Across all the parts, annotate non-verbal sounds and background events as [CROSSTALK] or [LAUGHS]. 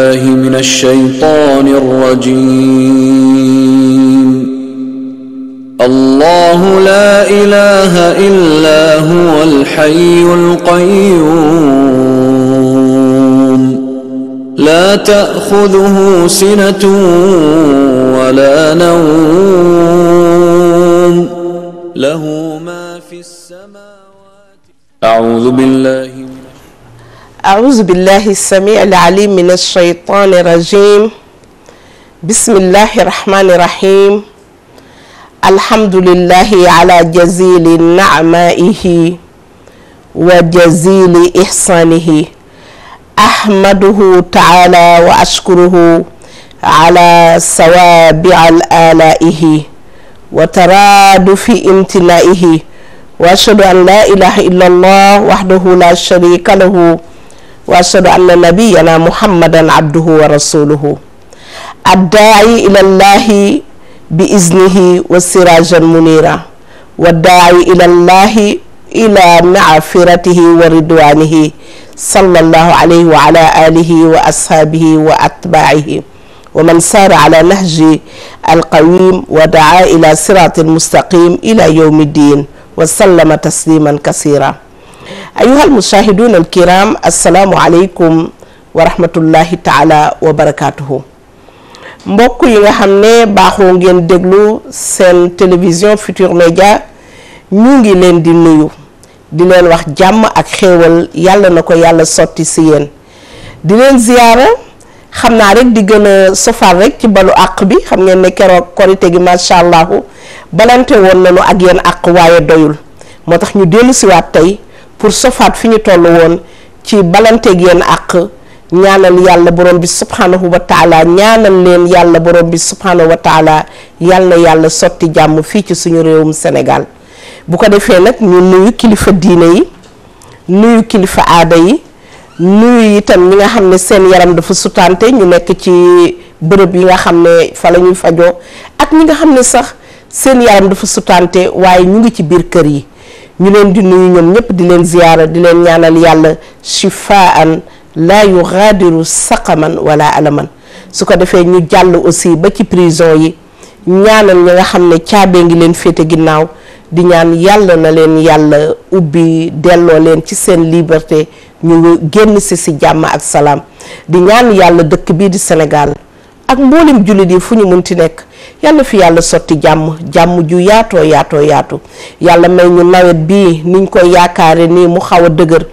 الله من الشيطان الرجيم الله لا إله إلا هو الحي القيوم لا تأخذه سنة ولا نوم له ما في السماوات أعوذ بالله أعوذ بالله السميع العليم من الشيطان الرجيم بسم الله الرحمن الرحيم الحمد لله على جزيل نعمائه وجزيل إحسانه أحمده تعالى وأشكره على سوابع الآلائه وترادف امتنائه وأشهد أن لا إله إلا الله وحده لا شريك له wa ashhadu anna nabiyana muhammadan abduhu wa rasuluhu addaa'i ila llahi bi iznihi wa sirajan munira wa daa'i ila llahi ila maafiratihi wa ridwanihi sallallahu alayhi wa ala alihi wa ashaabihi wa atbaa'ihi wa man saara ala nahji alqawim wa daa ila sirati almustaqim ila yawmi ddin wa sallama tasliman kasira ayuha almushahiduna alkiram assalaamu aleykum wa rahmatullahi taala wa barakatuhu mbokk yi nga xam ne baaxoo ngeen déglu seen télévision Futur Média ñu ngi leen di nuyu di leen wax jàmm ak xéewal yàlla na ko yàlla sotti si yéen di leen ziyaara xam naa rek di gën a sofar ci balu àq bi xam ngeen ne keroog korite gi macha allahu balante woon nañu ak yéen àq waaye doyul moo tax ñu dellusiwaat tey pour sofaat fi ñu toll woon ci balanteeg yéen àq ñaanal yàlla borom bi subhanahu wa ñaanal leen yàlla borom bi subhanahu wa yàlla na yàlla sotti jàmm fii ci suñu réewum senegal bu ko defee nag ñu nuyu kilifa diine yi nuyu kilifa aada yi nuyu itam ñi nga xam ne seen yaram dafa sutante ñu nekk ci bërëb yi nga xam ne fa la ñuy fajoo ak ñi nga xam ne sax seen yaram dafa sutante waaye ñu ngi ci biir kër yi ñu leen di nuyu ñoom ñëpp di leen ziyaara di leen ñaanal yàlla shifaan laa yugaadiru saqaman wala alaman su ko defee ñu jàll aussi ba ci prison yi ñaanal ñi nga xam ne caabee ngi leen féete ginnaaw di ñaan yàlla na leen yàlla ubbi delloo leen ci seen liberté ñu génn si si jàmm ak salaam di ñaan yàlla dëkk bii di senegal ak mboolem jullit yi fu ñu mun munti nekk yàlla fi yàlla sotti jàmm jàmm ju yaatoo yaatoo yaatu yàlla may ñu nawet bii niñ koy yaakaare nii mu xaw a dëgër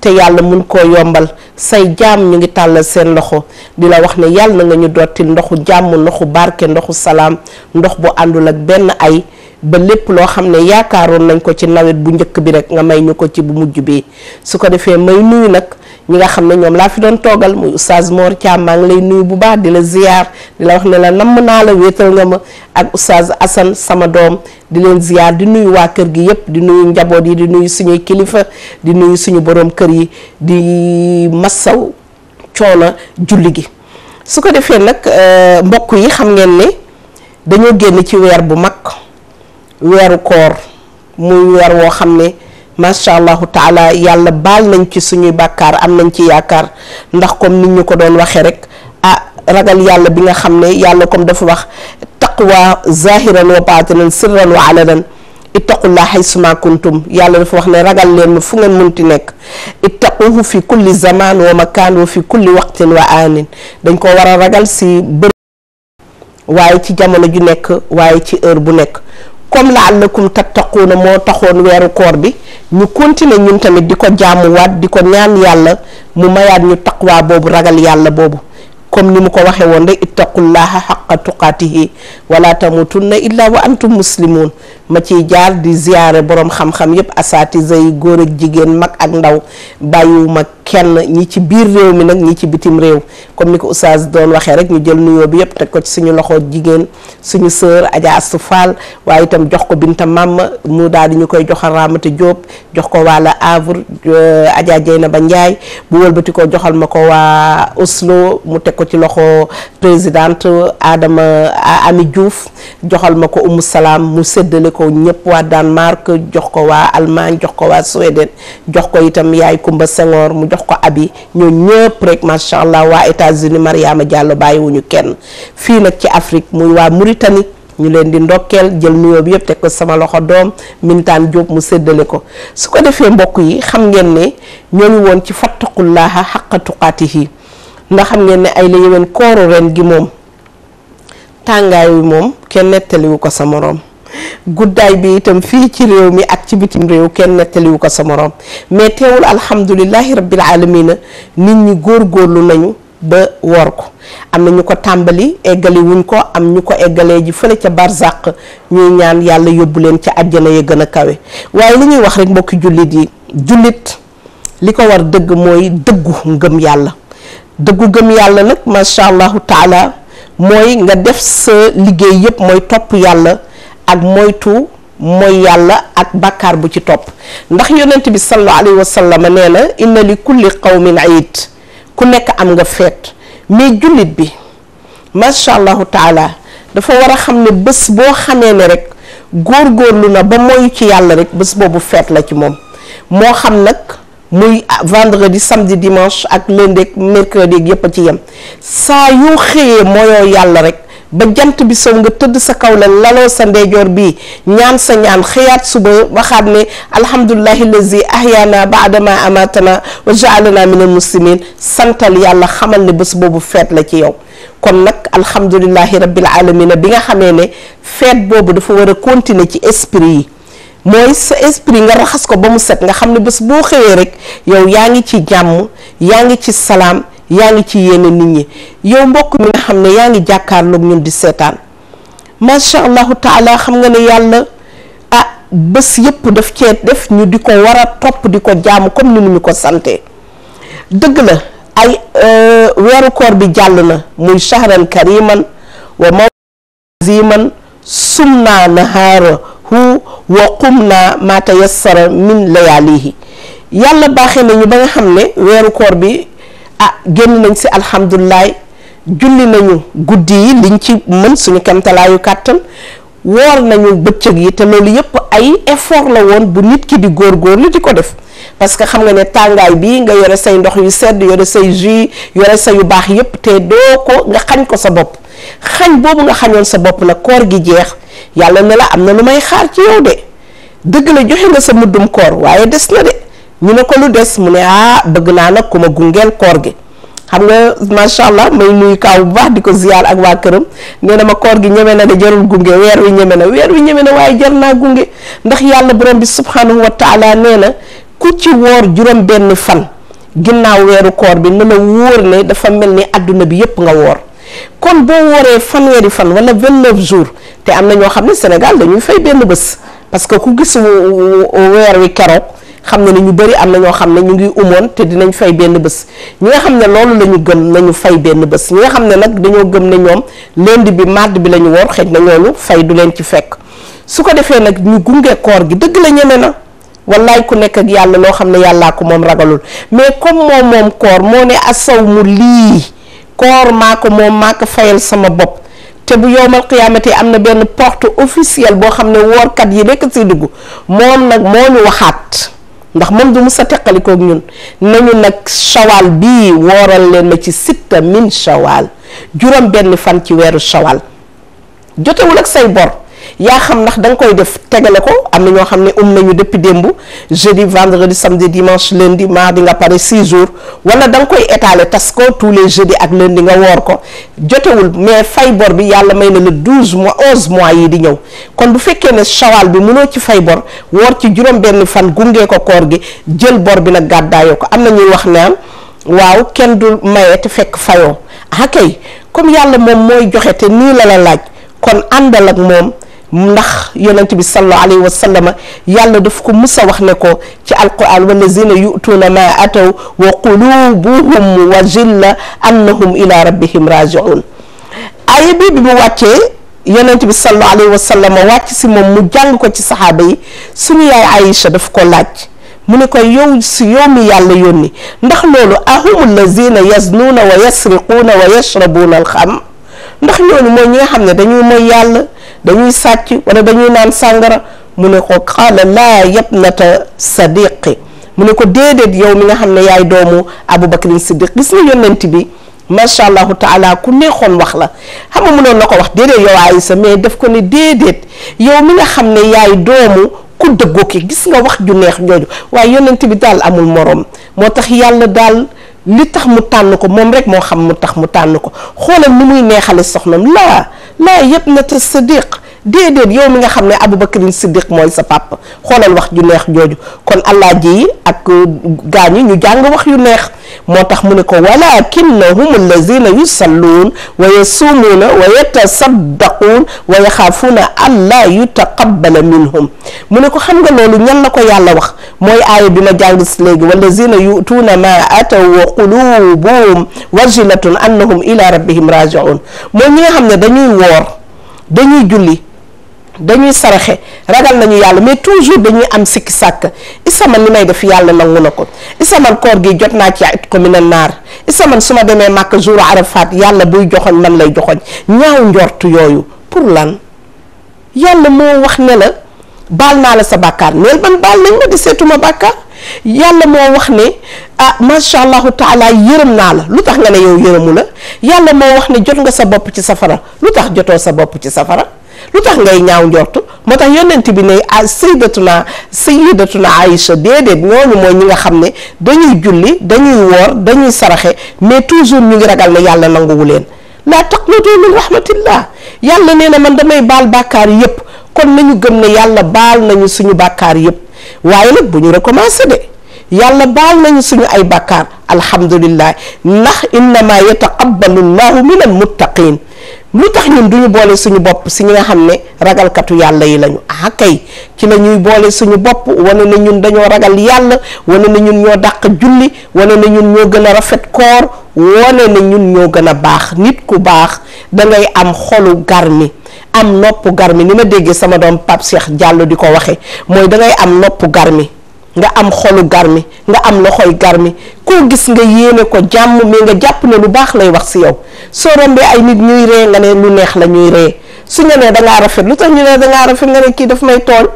te yàlla mun koo yombal say jaam ñu ngi tàllal seen loxo di la wax ne yàlla na nga ñu dottil ndoxu jàmm ndoxu barke ndoxu salaam ndox bu àndul ak benn ay ba lépp loo xam ne yaakaaroon nañ ko ci nawet bu njëkk bi rek nga may ñu ko ci bu mujj bi su ko defee may nuyu nag ñi nga xam ne ñoom laa fi doon toogal muy oustaz Mor Thiam lay nuyu bu baax di la ziyaar di la wax ne la namm naa la wéetal nga ma ak oustaz Assane sama doom di leen ziyaar di nuyu waa kër gi yépp di nuyu njaboot yi di nuyu suñuy kilifa di nuyu suñu boroom kër yi di massaw coono julli gi su ko defee nag euh, mbokk yi xam ngeen ne dañoo génn ci weer bu mag weeru koor muy weer woo xam ne macha allahu taala yàlla baal nañ ci suñuy bàkkaar am nañ ci yaakaar ndax comme nit ñu ko doon waxee rek a ah, ragal yàlla bi nga xam ne yàlla comme dafa wax taqwa zahiran wa batinan sirran wa alanan ittaqullah haysuma kuntum yàlla dafa wax ne ragal leen fu ngeen munti nekk ittaquhu fi kulli zaman wa makan wa fi kulli waqtin wa anin dañ ko war a ragal si bër waaye ci jamono ju nekk waaye ci heure bu nekk comme la'allakum na moo taxoon weeru koor bi ñu continuer ñun tamit di ko waat di ko ñaan yàlla mu mayaat ñu taqwa boobu ragal yàlla boobu comme ni mu ko waxee woon rek ittaqullaha xaqa tuqaatihi wala tamutunna illa wa antum muslimun ma ciy jaar di ziyaare boroom xam-xam yépp asaatise yi góor ak jigéen mag ak ndaw bàyyiwuma kenn ñi ci biir réew mi nag ñi ci bitim réew comme ni ko oustaz doon waxee rek ñu jël nuyoo bi yépp teg ko ci suñu loxo jigéen suñu sœur Adja Astou Fall itam jox ko Binta Màmm mu daal di ñu koy joxal Ramata Diop jox ko waa La Havre euh, Adja Dieynaba Ndiaye bu joxal ma ko waa Oslo mu teg ko ci loxo présidente Adama Ami juuf joxal ma ko Oumou Salam mu séddale ko ñëpp waa Danemark jox ko waa Allemagne jox ko waa Suède jox ko itam yaay Kumba Senghor mu jox ko abi ñoo ñëpp rek macha allah waa États-Unis Mariama Diallo bàyyiwuñu kenn fii nag ci Afrique muy waa Mauritanie ñu leen di ndokkeel jël nuyoo bi yëpp teg ko sama loxo doom Mintaan Diop mu seddale ko su ko defee mbokk yi xam ngeen ne ñoo woon ci fattaqullaaha xaqa tuqaatihi ndax xam ngeen ay la yeween kooru ren gi moom tàngaay moom kenn nettaliwu ko sa moroom guddaay bi itam fii ci réew mi ak ci bitim réew kenn nettaliwu ko sa morom mais teewul alhamdulilahi rabbil alamina nit ñi góorgóorlu nañu ba woor ko am na ñu ko tàmbali eggali wuñ ko am ñu ko eggalee ji fële ca barzaq ñuy ñaan yàlla yóbbu leen ca àjjana ya gën a kawe waaye li ñuy wax rek mbokki jullit yi jullit li ko war dëgg mooy dëggu ngëm yàlla dëggu gëm yàlla nag macha allahu taala mooy nga def sa liggéey yépp mooy topp yàlla ak moytu mooy yàlla ak bàkkaar bu ci topp ndax yonent bi sallallahu alayhi wa sallam nee na inna li kulli qawmin iid ku nekk am nga feet mais jullit bi macha allahu taala dafa war a xam ne bés boo xamee ne góor góorgóorlu na ba mooyu ci yàlla rek bés boobu feet la ci moom moo xam nag muy vendredi samedi dimanche ak lundi mercredi yëpp a ci yem saa yoo xëyee mooyoo yàlla rek ba jant bi sow nga tëdd sa kaw la laloo sa ndeyjoor bi ñaan sa ñaan xëyaat suba waxaat ne alhamdulilahi lazi ahyana baadama amatana wa jaalana min al muslimin santal yàlla xamal ne bés boobu feet la ci yow kon nag alhamdulilahi rabbil alamina bi nga xamee ne feet boobu dafa war a continuer ci esprit yi mooy sa esprit nga raxas ko ba mu set nga xam ne bés boo xëyee rek yow yaa ngi ci jàmm yaa ngi ci salaam yaa ngi ci yéene nit ñi yow mbokk mi nga xam ne yaa ngi jàkkaarloog ñun di seetaan macha allahu taala xam nga ne yàlla ah bés yëpp daf cee def ñu di ko war a topp di ko jaamu comme ni ñu ko sante dëgg la ay euh, weeru koor bi jàll na muy shahran kariman wa maziman sumna nahaarahu wa min layaalihi yàlla baaxee nañu ba nga xam ne weeru koor bi ah génn nañ si alhamdulilah julli nañu guddi yi liñ ci mën suñu kemtalaayu kàttan woor nañu bëccëg yi te loolu yëpp ay effort la woon bu nit ki di góor góor góorgóorlu di ko def parce que xam nga ne tàngaay bi nga yore say ndox yu sedd yore say jus yore say yu baax yëpp te doo ko nga xañ ko sa bopp xañ boobu nga xañoon sa bopp nag koor gi jeex yàlla ne la am na lu may xaar ci yow de dëgg la joxe nga sa muddum koor waaye des na de ñu ne ko lu des mu ne ah bëgg naa nag ku ma gungeel koor gi xam nga macha allah may nuyu kaaw baax di ko ziyaar ak waa këram nee na ma koor gi ñeme na de jarul gunge weer wi ñeme na weer wi ñeme na waaye jar naa gunge ndax yàlla borom bi subhanahu wa taala nee na ku ci woor juróom benn fan ginnaaw weeru koor bi na la wóor ne dafa mel ni àdduna bi yëpp nga woor kon boo wooree fanweeri fan wala vingt-neuf jours te am na ñoo xam ne Sénégal dañuy fay benn bés parce que ku gis wi keroog xam na ne ñu bëri am na ñoo xam ne ñu ngi umoon te dinañ fay benn bés ñi nga xam ne loolu la ñu gëm nañu fay benn bés ñi nga xam ne nag dañoo gëm ne ñoom lundi bi mardi bi la ñu woor xëj na ñooñu fay du leen ci fekk su ko defee nag ñu gungee koor gi dëgg la ñeme na wallaay ku nekk ak yàlla loo xam ne yàllaa ko moom ragalul mais comme moom moom koor moo ne asaw mu lii koor maa ko moom maa ko fayal sama bopp te bu yowmal yi am na benn porte officielle boo xam ne woorkat yi rekk si dugg moom nag moo ñu waxaat ndax moom du mu sa teqalikook ñun nañu nag shawal bii wooral leen ma ci sitta min shawal juróom benn fan ci weeru shawal jotewul ak say bor yaa xam ndax da koy def tegale ko am na ñoo xam ne um nañu depuis démb jeudi vendredi samedi dimanche lundi mardi dinga pare 6 jours wala da nga koy étaler tas ko tous les jeudi ak lundi nga woor ko jotewul mais fay bor bi yàlla may na le 12 mois 11 mois yi di ñëw kon bu fekkee ne shawal bi mënoo ci fay bor woor ci juróom-benn fan gungee ko koor gi jël bor bi nag gàddaayoo ko am na ñuy wax naan waaw kenn du maye te fekk fayoo ah comme yàlla moom mooy joxe te nii la la laaj kon àndal ak ndax yonent bi sallallahu alayhi wa sallama yàlla daf ko mus a wax na ko ci alquran wallazina yu'tuuna ma ataw wa qulubuhum wajilla annahum ila rabbihim raji'un aaya bi bi mu wàccee yonent bi sallallahu alayhi wa sallama wàcc si moom mu jàng ko ci saxaaba yi su suñu yaay Aïcha daf ko laaj mu ne ko yow si yow mi yàlla yónni ndax loolu ahum allazina yaznuuna wa yasriquuna wa yashrabuuna ndax ñooñu mooy ñi nga xam dañuy sàcc wala dañuy naan sàngara mu ne ko qaala laa yabnata sadiqi mu ne ko déedéet yow mi nga xam ne yaay doomu Aboubacar Siddiq gis nga yonent bi macha allahu taala ku neexoon wax la xam mu noon na ko wax déedéet yow Aïssa mais daf ko ne déedéet yow mi nga xam ne yaay doomu ku dëggoo ki gis nga wax ju neex jooju waaye yonent bi daal amul morom moo tax yàlla daal. li tax mu tànn ko moom rek moo xam mu tax mu tànn ko xoolal ni muy neexale soxnam laa لا يا ابنة الصديق déedéet yow mi nga xam ne Aboubacar Siddiq mooy sa papa xoolal wax ju neex jooju kon allah ji ak euh, gaañi ñu jàng wax yu neex moo tax mu ne ko walakinnahum allazina yusalluun wa yasuumuuna wa yatasaddaquun wa yaxaafuuna allaa yutaqabbala minhum mu ne ko xam nga loolu ñan la ko yàlla wax mooy aaya bi ma jàng si léegi wallazina yutuuna ma ataw wa qulubuhum wajilatun annahum ila rabbihim rajiun mooy ñi nga xam ne dañuy woor dañuy julli dañuy saraxe ragal nañu yàlla mais toujours dañuy am sikki sàkk isa man li may def yàlla nangu na ko isa man koor gi jot naa ci it ko mina naar isa man su ma demee màkk jour arafat yàlla buy joxoñ man lay joxoñ ñaaw njort yooyu pour lan yàlla moo wax ne la baal naa la sa bàkkaar neel ban baal nañ ma di seetuma bàkkaar yàlla moo wax ne ah macha allahu taala yërëm naa la lu tax nga ne yow yërëmu la yàlla moo wax ne jot nga sa bopp ci safara lu tax jotoo sa bopp ci safara lu tax ngay ñaaw njortu moo tax yonent bi ne ah sayyidatuna sayyidatuna Aïcha déedéet ñooñu mooy ñi nga xam ne dañuy julli dañuy woor dañuy saraxe mais toujours ñu ngi ragal na yàlla nanguwu leen laa taqnatu min rahmatillah yàlla nee na man damay baal bàkkaar yépp kon nañu gëm ne yàlla baal nañu suñu bàkkaar yépp waaye nag bu ñu recommencé de yàlla baal nañu suñu ay bàkkaar alhamdulillah ndax innama yataqabbalu llahu min al muttaqin lu tax ñun duñu boole suñu bopp si ñi nga xam ne ragalkatu yàlla yi lañu ah kay ci la ñuy boole suñu bopp wane na ñun dañoo ragal yàlla wane na ñun ñoo dàq julli wane na ñun ñoo gën a rafet koor wane na ñun ñoo gën a baax nit ku baax da am xolu garmi am nopp garmi ni ma déggee sama doom Pape Cheikh Diallo di ko waxe mooy da ngay am nopp garmi nga am xolu garmi nga am loxoy garmi koo gis nga yéene ko jàmm mais nga jàpp ne lu baax lay wax si yow soo rombee ay nit ñuy ree nga ne lu neex la ñuy su ñu nee da rafet lu tax ñu ne da rafet nga ne kii daf may tooñ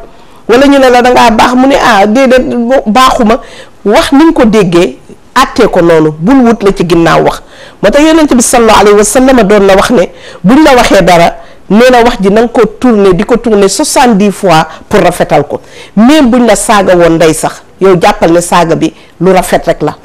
wala ñu ne la da baax mu ne ah déedéet baaxuma wax ni ko déggee àttee ko noonu bul wut la ci ginnaaw wax moo tax yonent bi sallallahu alayhi wa sallam doon la wax ne bu ñu la waxee dara. nee na wax ji na nga ko tourner di ko tourner soixante-dix fois pour rafetal ko bu ñu la saaga woon ndey sax yow jàppal ne saaga bi lu rafet rek la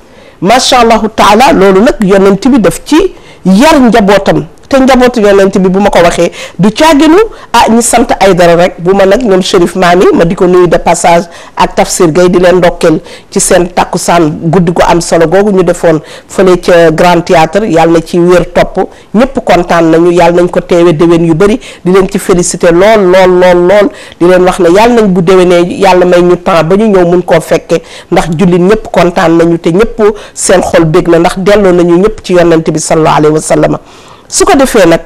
macha allahu taala loolu nag yonent bi def ci yar njabootam te njabootu yonent bi bu ma ko waxee du caaginu ah ñi sant ay dara rek bu ma nag ñoom Chérif Maami ma di ko nuyu de passage ak Tafsir Gueye di leen ndokkeel ci seen takkusaan guddi ko am solo googu ñu defoon fële ca Grand Théâtre yàlla na ci wér topp ñëpp kontaan nañu yàlla nañ ko teewe déwén yu bëri di leen ci félicité lool lool lool lool di leen wax ne yàlla nañ bu déwénee yàlla may ñu temps ba ñu ñëw mun koo fekkee ndax jullit ñëpp kontaan nañu te ñëpp seen xol bég na ndax delloo nañu ñëpp ci yonent bi sallallahu alayhi wa sallam su ko defee nag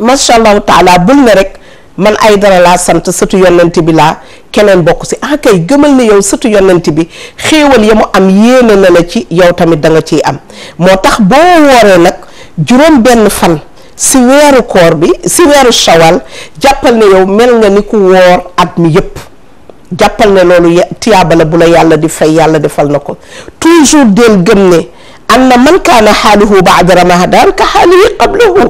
macha allahu taala bul ne rek man ay dara laa sant sëtu yonent bi laa keneen bokk si ah kay gëmal ne yow sëtu yonent bi xéewal ya mu am yéene na la ci yow tamit da nga ciy am moo tax boo wooree nag juróom benn fan si weeru koor bi si weeru shawal jàppal ne yow mel nga ni ku woor at mi yépp jàppal ne loolu tiyaaba bu la yàlla di fay yàlla defal na ko toujours del gëm ne anna man kaana xaaluhu baada ramadan ka xaalihi qablahu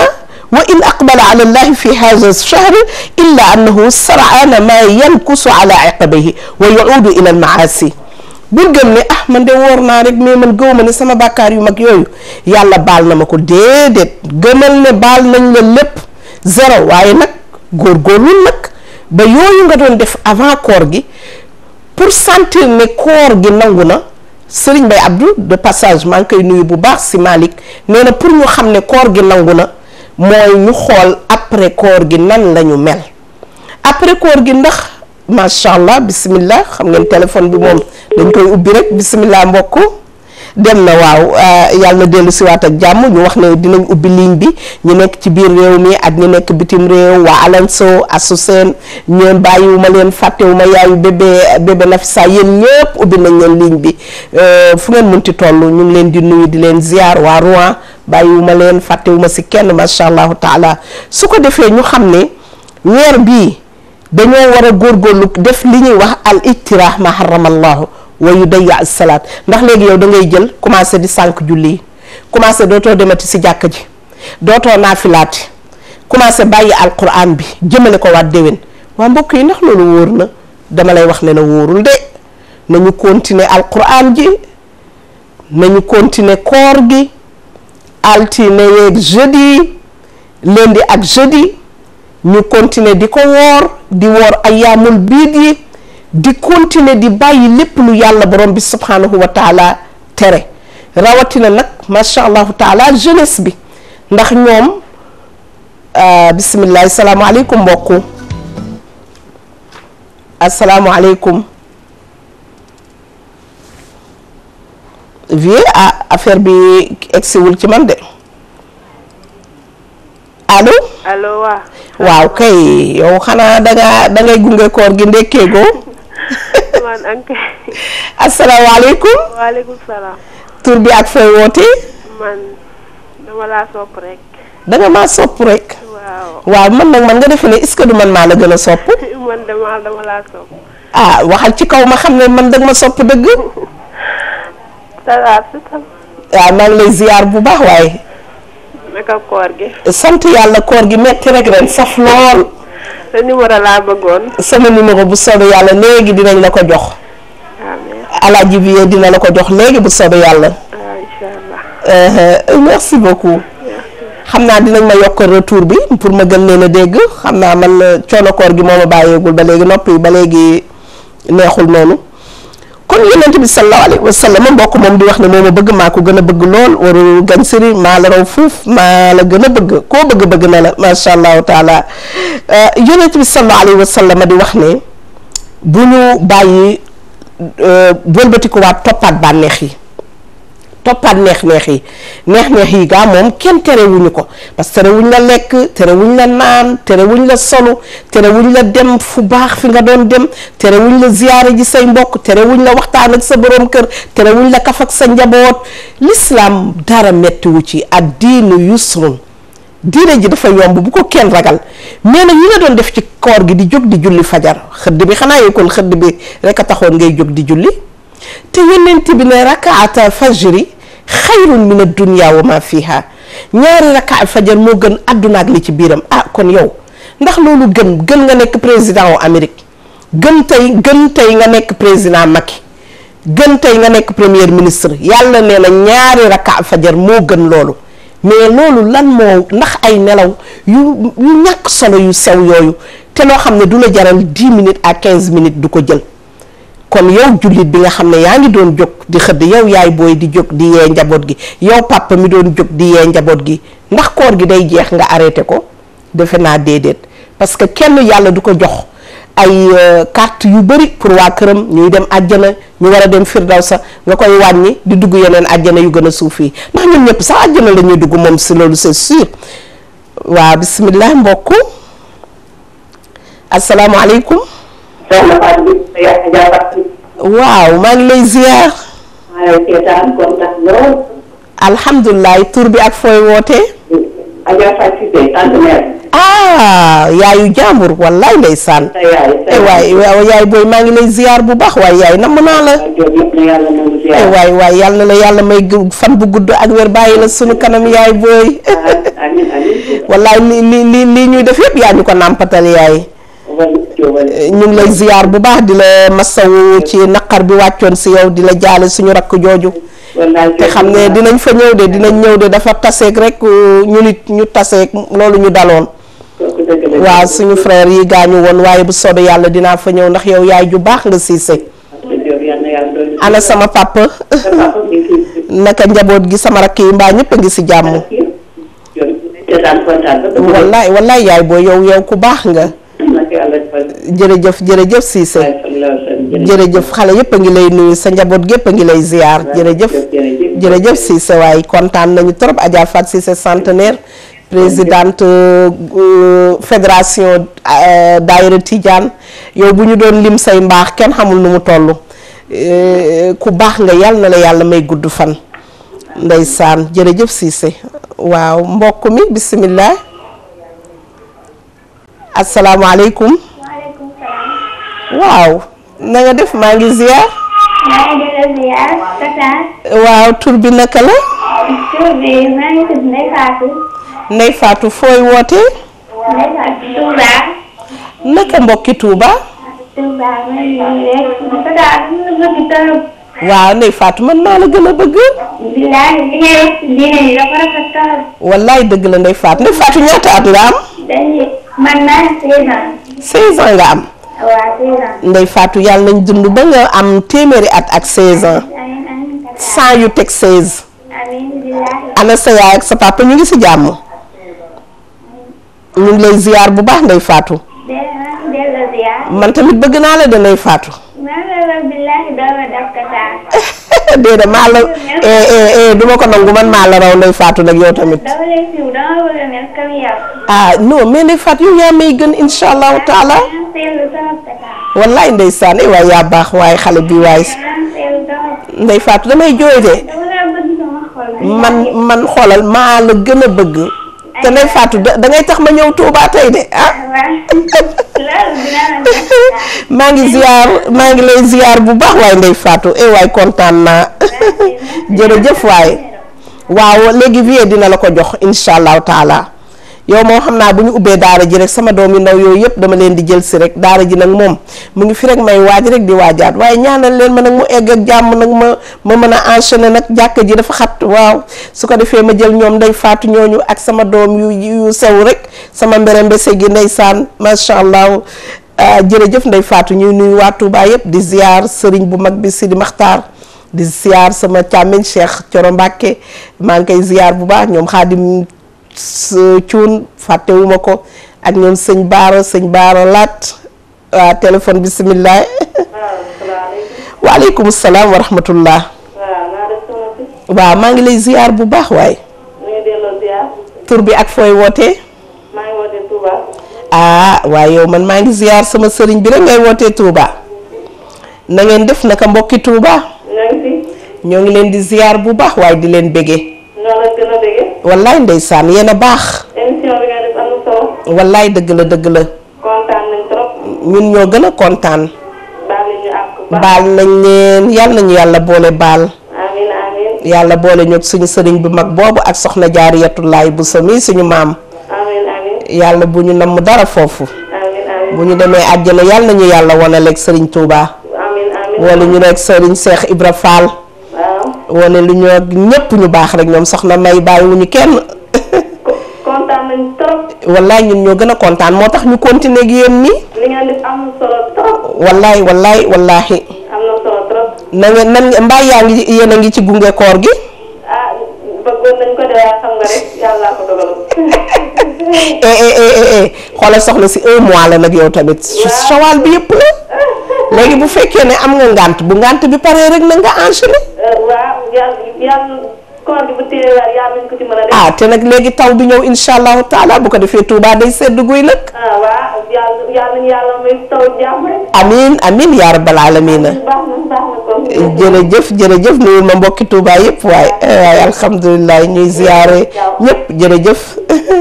ah wa in aqbala ala allahi fi hada shahri illa annahu sar'ana ma yankusu ala iqabayhi wa yaudu ila almaasi bul gëm ne ah man de woor naa rek mais man gëw ma ne sama bàkkaar yu mag yooyu yàlla baal na ma ko déedéet gëmal ne baal nañ la lépp zéro waaye nag góorgóorlul nag ba yooyu nga doon def avant koor gi pour sentir ne koor gi nangu na Serigne Baye Abdou de passage maa ngi koy nuyu bu baax si Malick nee na pour ñu xam ne koor gi nangu na mooy ñu xool après koor gi nan lañu ñu mel après koor gi ndax macha allah bismillah xam ngeen téléphone bi moom dañ koy ubbi rek bismillah mbokk. dem na waaw euh, yàlla na dellu siwaat ak jàmm ñu wax ne dinañ ubbi ligne bi ñu nekk ci biir réew mi ak ñu nekk bitim réew waa Alanso asu seen ñoom bàyyiwuma leen fàttewuma yaayu bébé bébé Nafisa yéen ñëpp ubbi nañ leen ligne bi euh, fu ngeen munti toll ñu ngi leen di nuyu di leen ziar waa Rouen bàyyiwuma leen fàttewuma si kenn macha allahu taala su ko defee ñu xam ne weer bi dañoo war a góorgóorlu def li ñuy wax al ijtirah ma haramallahu wa yu dayya as salaat ndax léegi yow da ngay jël commencé di sànq julli yi commencé dootoo demati si jàkk ji dootoo naafilaati commencé bàyyi alquran bi jëmale ko waat déwén waa mbokk yi ndax loolu wóor na dama lay wax ne na wóorul de nañu continuer alquran ji nañu continuer koor gi altine yeeg jeudi lundi ak jeudi ñu continuer di ko woor di woor ay yaamul yi di continuer di bàyyi lépp lu yàlla borom bi subhanahu wa taala tere rawatina nag macha allahu taala jeunesse bi ndax ñoom euh, bisimilah salaamaaleykum mbokku asalaamualeykum vie ah affaire bi egsiwul ci man de allo. allo waaw. kay yow xanaa da nga da ngay gunge Ousmane Anke. [LAUGHS] waaleykum salaam. tur bi ak fooy wootee. man dama laa sopp rek. da nga maa sopp rek. waaw waaw man nag man nga defe ne est que du man maa la gën a sopp. [LAUGHS] man dama ah waxal ci kaw ma xam ne man da nga ma sopp dëgg. waaw [LAUGHS] ah, maa ngi lay ziar bu baax waaye. sant yàlla koor gi metti rek ren saf lool. sa numéro laa bëggoon. sama numéro bu soobee yàlla léegi dinañ la ko jox. alaaji bi dina la ko jox léegi bu soobee yàlla. Ah, inchaallah. Eh, merci beaucoup. xam naa dinañ ma yokk retour bi pour ma gën leen a dégg xam naa man eh, coono gi moo ma bàyyeegul ba léegi nopp yi ba léegi neexul noonu. kon yonent bi sallallahu alayhi wa sallam mbokk moom di wax ne moom a bëgg maa ko gën a bëgg lool waru gan maa la raw fuuf maa la gën a bëgg koo bëgg bëgg na la macha allahu taala euh, yonent bi sallallahu alayhi wa di wax ne bu ñu bàyyi euh, wëlbatikuwaat toppaat bànneex yi. toppaat neex-neex yi neex-neex yi gaa moom kenn terewuñu ko parce que terewuñ la lekk terewuñ la naan terewuñ la solo terewuñ la dem fu baax fi nga doon dem terewuñ la ziyaare ji say mbokk terewuñ la waxtaan ak sa borom kër terewuñ la kaf ak sa njaboot l'islam dara mettiwu ci ak diinu yusrun diine ji dafa yomb bu ko kenn ragal mais nag yi nga doon def ci koor gi di jóg di julli fajar xëdd bi xanaa yi kon xëdd bi rek a taxoon ngay jóg di julli te yonent bi ne rakaata fajri xayrun min ad-dunya wa ma fiha ñaari rakka al fajar moo gën àdduna ak li ci biiram ah kon yow ndax loolu gën gën nga nekk président wu Amérique gën tey gën tey nga nekk président Macky gën tey nga nekk premier ministre yàlla nee na ñaari rakka al fajar moo gën loolu mais loolu lan moo ndax ay nelaw yu yu ñàkk solo yu sew yooyu te loo xam ne du la jaral 10 minutes à quinze minutes du ko jël kon yow jullit bi nga xam ne yaa ngi doon jóg di xëdd yow yaay booy di jóg di yee njaboot gi yow papa mi doon jóg di yee njaboot gi ndax koor gi day jeex nga arrêté ko defe naa déedéet parce que kenn yàlla du ko jox ay kart euh, yu bëri pour waa këram ñuy dem àjjana ñu war a dem firdawsa nga koy wàññi di dugg yeneen àjjana yu gën a suuf yi ndax ñun ñëpp sax àjjana la ñuy dugg moom si loolu c'est sûr waaw bisimilah mbokk asalaamaaleykum waaw maa ngi lay ziar. maa ngi bi ak fooy wootee. Adja Fatou Seye tante mère. ah yaayu jàmbur wallaay ndeysaan. te eh, waay waaw yaay booy maa ngi lay ziar bu baax waay yaay namm naa la. waay eh, waay waay yàlla na la yàlla may fan bu gudd ak wér bàyyi la sunu kanam yaay booy. Ah, amiin amiin [LAUGHS] wallaay li li li ñuy def yëpp yaa ñu ko nàmpatal yaay. ñu ngi lay ziyaar bu baax di la masawu ci naqar bi wàccoon si yow di la jaale suñu rakk jooju te xam ne dinañ fa ñëw de dinañ ñëw de dafa taseeg rek uh, ñu nit ñu taseeg loolu ñu daloon waaw suñu frère yi gaañu woon waaye bu soobee yàlla dinaa fa ñëw ndax yow yaay ju baax nga siise ana sama papa [LAUGHS] naka njaboot gi sama rakk yi mbaa ñëpp a ngi si jàmm wallaay wallaay yaay boo yow yow ku baax nga jërëjëf jërëjëf Cissé jërëjëf xale yëpp a ngi lay nuyu sa njaboot gépp a ngi lay ziyaar jërëjëf jërëjëf Cissé waaye kontaan nañu trop Adja Fatou Cissé centenaire présidente euh, fédération euh, daayira Tidiane yow bu ñu doon lim say mbaax kenn xamul nu mu toll euh, ku baax nga yàlla na la yàlla may gudd fan ndeysaan jërëjëf Cissé waaw mbokk mi bisimilah asalaamaaleykum waaw na nga def maa ngi ziar. maa waaw tur naka la. tur bi maa ngi fooy woote. naka mbokki Touba. waaw Ndeye Fatou man maa la gën a bëgg. bilaay li ngay dëgg la Ndeye Fatou Ndeye Fatou ñaata at nga am. dañuy man nga am. ndey faatu yàlla nañ dund ba nga am téeméeri at ak 16 ans. yu teg 16. ana sa yaay ak sa papa ñu ngi si jàmm. ñu ngi lay ziyaar bu baax ndey faatu. man tamit bëgg naa la de ndey faatu. [LAUGHS] déedéet maa la [LAUGHS] eh, eh, eh, du ma ko nangu man maa la raw Ndeye Fatou nag yow tamit. ah non mais Ndeye Fatou yow yaa may gën incha allahu taala. wallaay ndeysaan eh waay yaa baax waaye xale bi waay. Ndeye Fatou damay jooy de. man man xoolal maa la gën a bëgg. te Ndeye Fatou da ngay tax ma ñëw Touba tey de ah. [LAUGHS] maa ngi ziar maa ngi lay ziar bu baax waaye Ndeye Fatou eh waay kontaan naa [LAUGHS] jërëjëf waay waaw léegi vie dina la ko jox incha allahu yow moom xam naa bu ñu ubbee daara ji rek sama doom yu ndaw yooyu yëpp dama leen di jël si rek daara ji nag moom mu ngi fi rek may waaj rek di waajaat waaye ñaanal leen ma nag mu egg ak jàmm nag ma ma mën a enchaîner nag jàkka ji dafa xat waaw su ko defee ma jël ñoom day faatu ñooñu ak sama doom yu yu sew rek sama mbere mbese gi macha allah ah, jërëjëf nday faatu ñuy nuyu waa Touba yëpp di ziar sëriñ bu mag bi Sidi Maxtaar di ziar sama càmmiñ Cheikh Coro Mbàkke maa ngi koy ziar bu baax ñoom xaadim cuun fàttewuma ko ak ñoom sëñ baaro sëñ baaro laat waa téléphone bisimilah. waaleykum salaam wa rahmatullah. maa ngi lay ziar bu baax waay. tur bi ak fooy wootee. maa ngi wootee ah, waaye yow man maa ngi ziar sama sëriñ bi rek ngay wootee Touba. na ngeen def naka mbokki Touba. ñoo ngi leen di ziar bu baax waaye di leen bége. wallaay ndeysaan yéen a baax. émission bi nga def am wallaay dëgg la dëgg la. kontaan ñun ñoo gën a kontaan. baal nañ ñu leen yàlla nañu yàlla boole baal. yàlla boole ñoog suñu sëriñ bu mag boobu ak soxna laay bu sami suñu maam. yàlla bu ñu namm dara foofu. amiin bu ñu demee àjjana yàlla nañu yàlla wanaleeg sëriñ Touba. amiin amiin. ñu nekk sëriñ Cheikh Ibra Fall. wane lu ñoo ñëpp ñu baax rek ñoom soxna May bàyyiwuñu kenn. kontaan nañ trop. wallaay ñun ñoo gën a kontaan moo tax ñu continuer ak yéen nii. wallaay wallaahi. am na solo yaa ngi yéen a ngi ci gunge koor gi. ah [LAUGHS] eh, eh, eh, xoolal soxna si un mois la nag yow tamit. sawaal bi yëpp la. léegi bu fekkee ne am nga ngànt bu ngànt bi paree rek na nga yàlla ah te nag léegi taw bi ñëw incha allahu taala bu ko defee Touba day sedd guy nag. ah waaw yàlla yàlla nañu yàlla may taw jàmm rek. amiin ma mbokki Touba yëpp waaye waaye alhamdulilah ñuy ziare. ñëpp jërëjëf.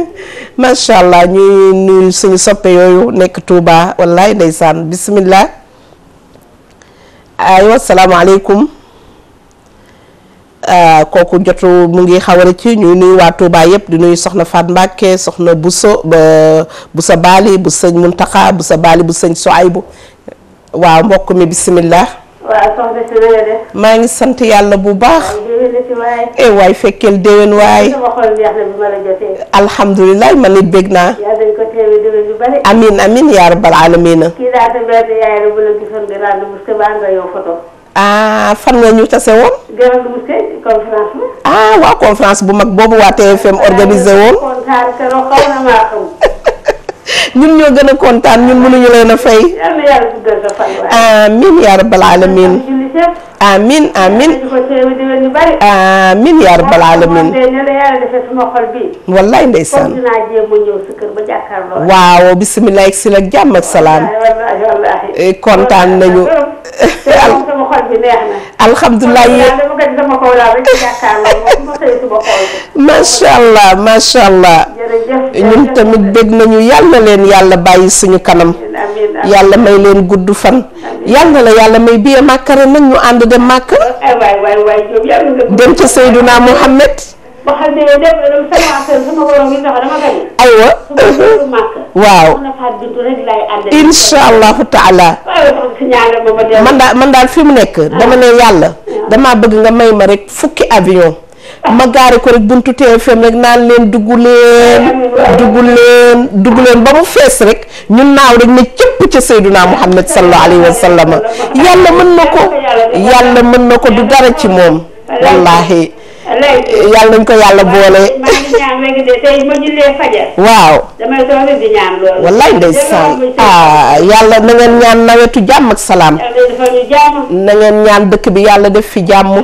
[LAUGHS] macha allah ñuy suñu soppe yooyu nekk Touba wallaay ndeysaan bismillah aywa salaamaaleykum. Euh, kooku jotu mu ngi xaw a ci ñuy nuyu waa Touba yëpp di nuyu soxna Fat Mbacke soxna Bousso sa Bali bu sëñ Muntaxa Boussa Bali bu sëñ Soaybu waaw mbokk mi bisimilah. maa ngi sant yàlla bu baax. e waay fekkeel déwén waay. alhamdulilah man it bég naa. amin amin yaa rabbal aalamiina. ah fan nga ñu tase woon. ah waaw conférence bu mag boobu waa TFM organisé woon. [LAUGHS] ñun ñoo gën a kontaan ñun mënuñu leen a fay. amiin yaa rabbal aalamiin amin amin amin yaa rabbal alamin wallaay ndeysaan waaw bisimilah si la jàmm ak salaam eh, kontaan nañu [LAUGHS] alhamdulilah macha allah macha allah ñun tamit bëgg nañu yàlla leen yàlla bàyyi suñu kanam yàlla may leen gudd fan yàlla na la yàlla may biye màkka ren ñu ànd dem màkka eh, dem ca Seyduna Muhammad aywa waaw insha allahu taala man daal fi mu nekk dama ne yàlla ah. damaa bëgg nga may ma rek fukki avion ma gaari ko rek buntu TFM rek naan leen dugg leen dugg leen dugg leen ba mu fees rek ñun naaw rek ne cëpp ca Seyduna Muhammad sallallahu alayhi wa sallam yàlla mën na ko yàlla mën na ko du dara ci moom wallaahi yàlla dañ ko yàlla boole. waaw. wallaay ndeysaan ah yàlla na ngeen ñaan nawetu jàmm ak salaam. na ngeen ñaan dëkk bi yàlla def fi jàmm.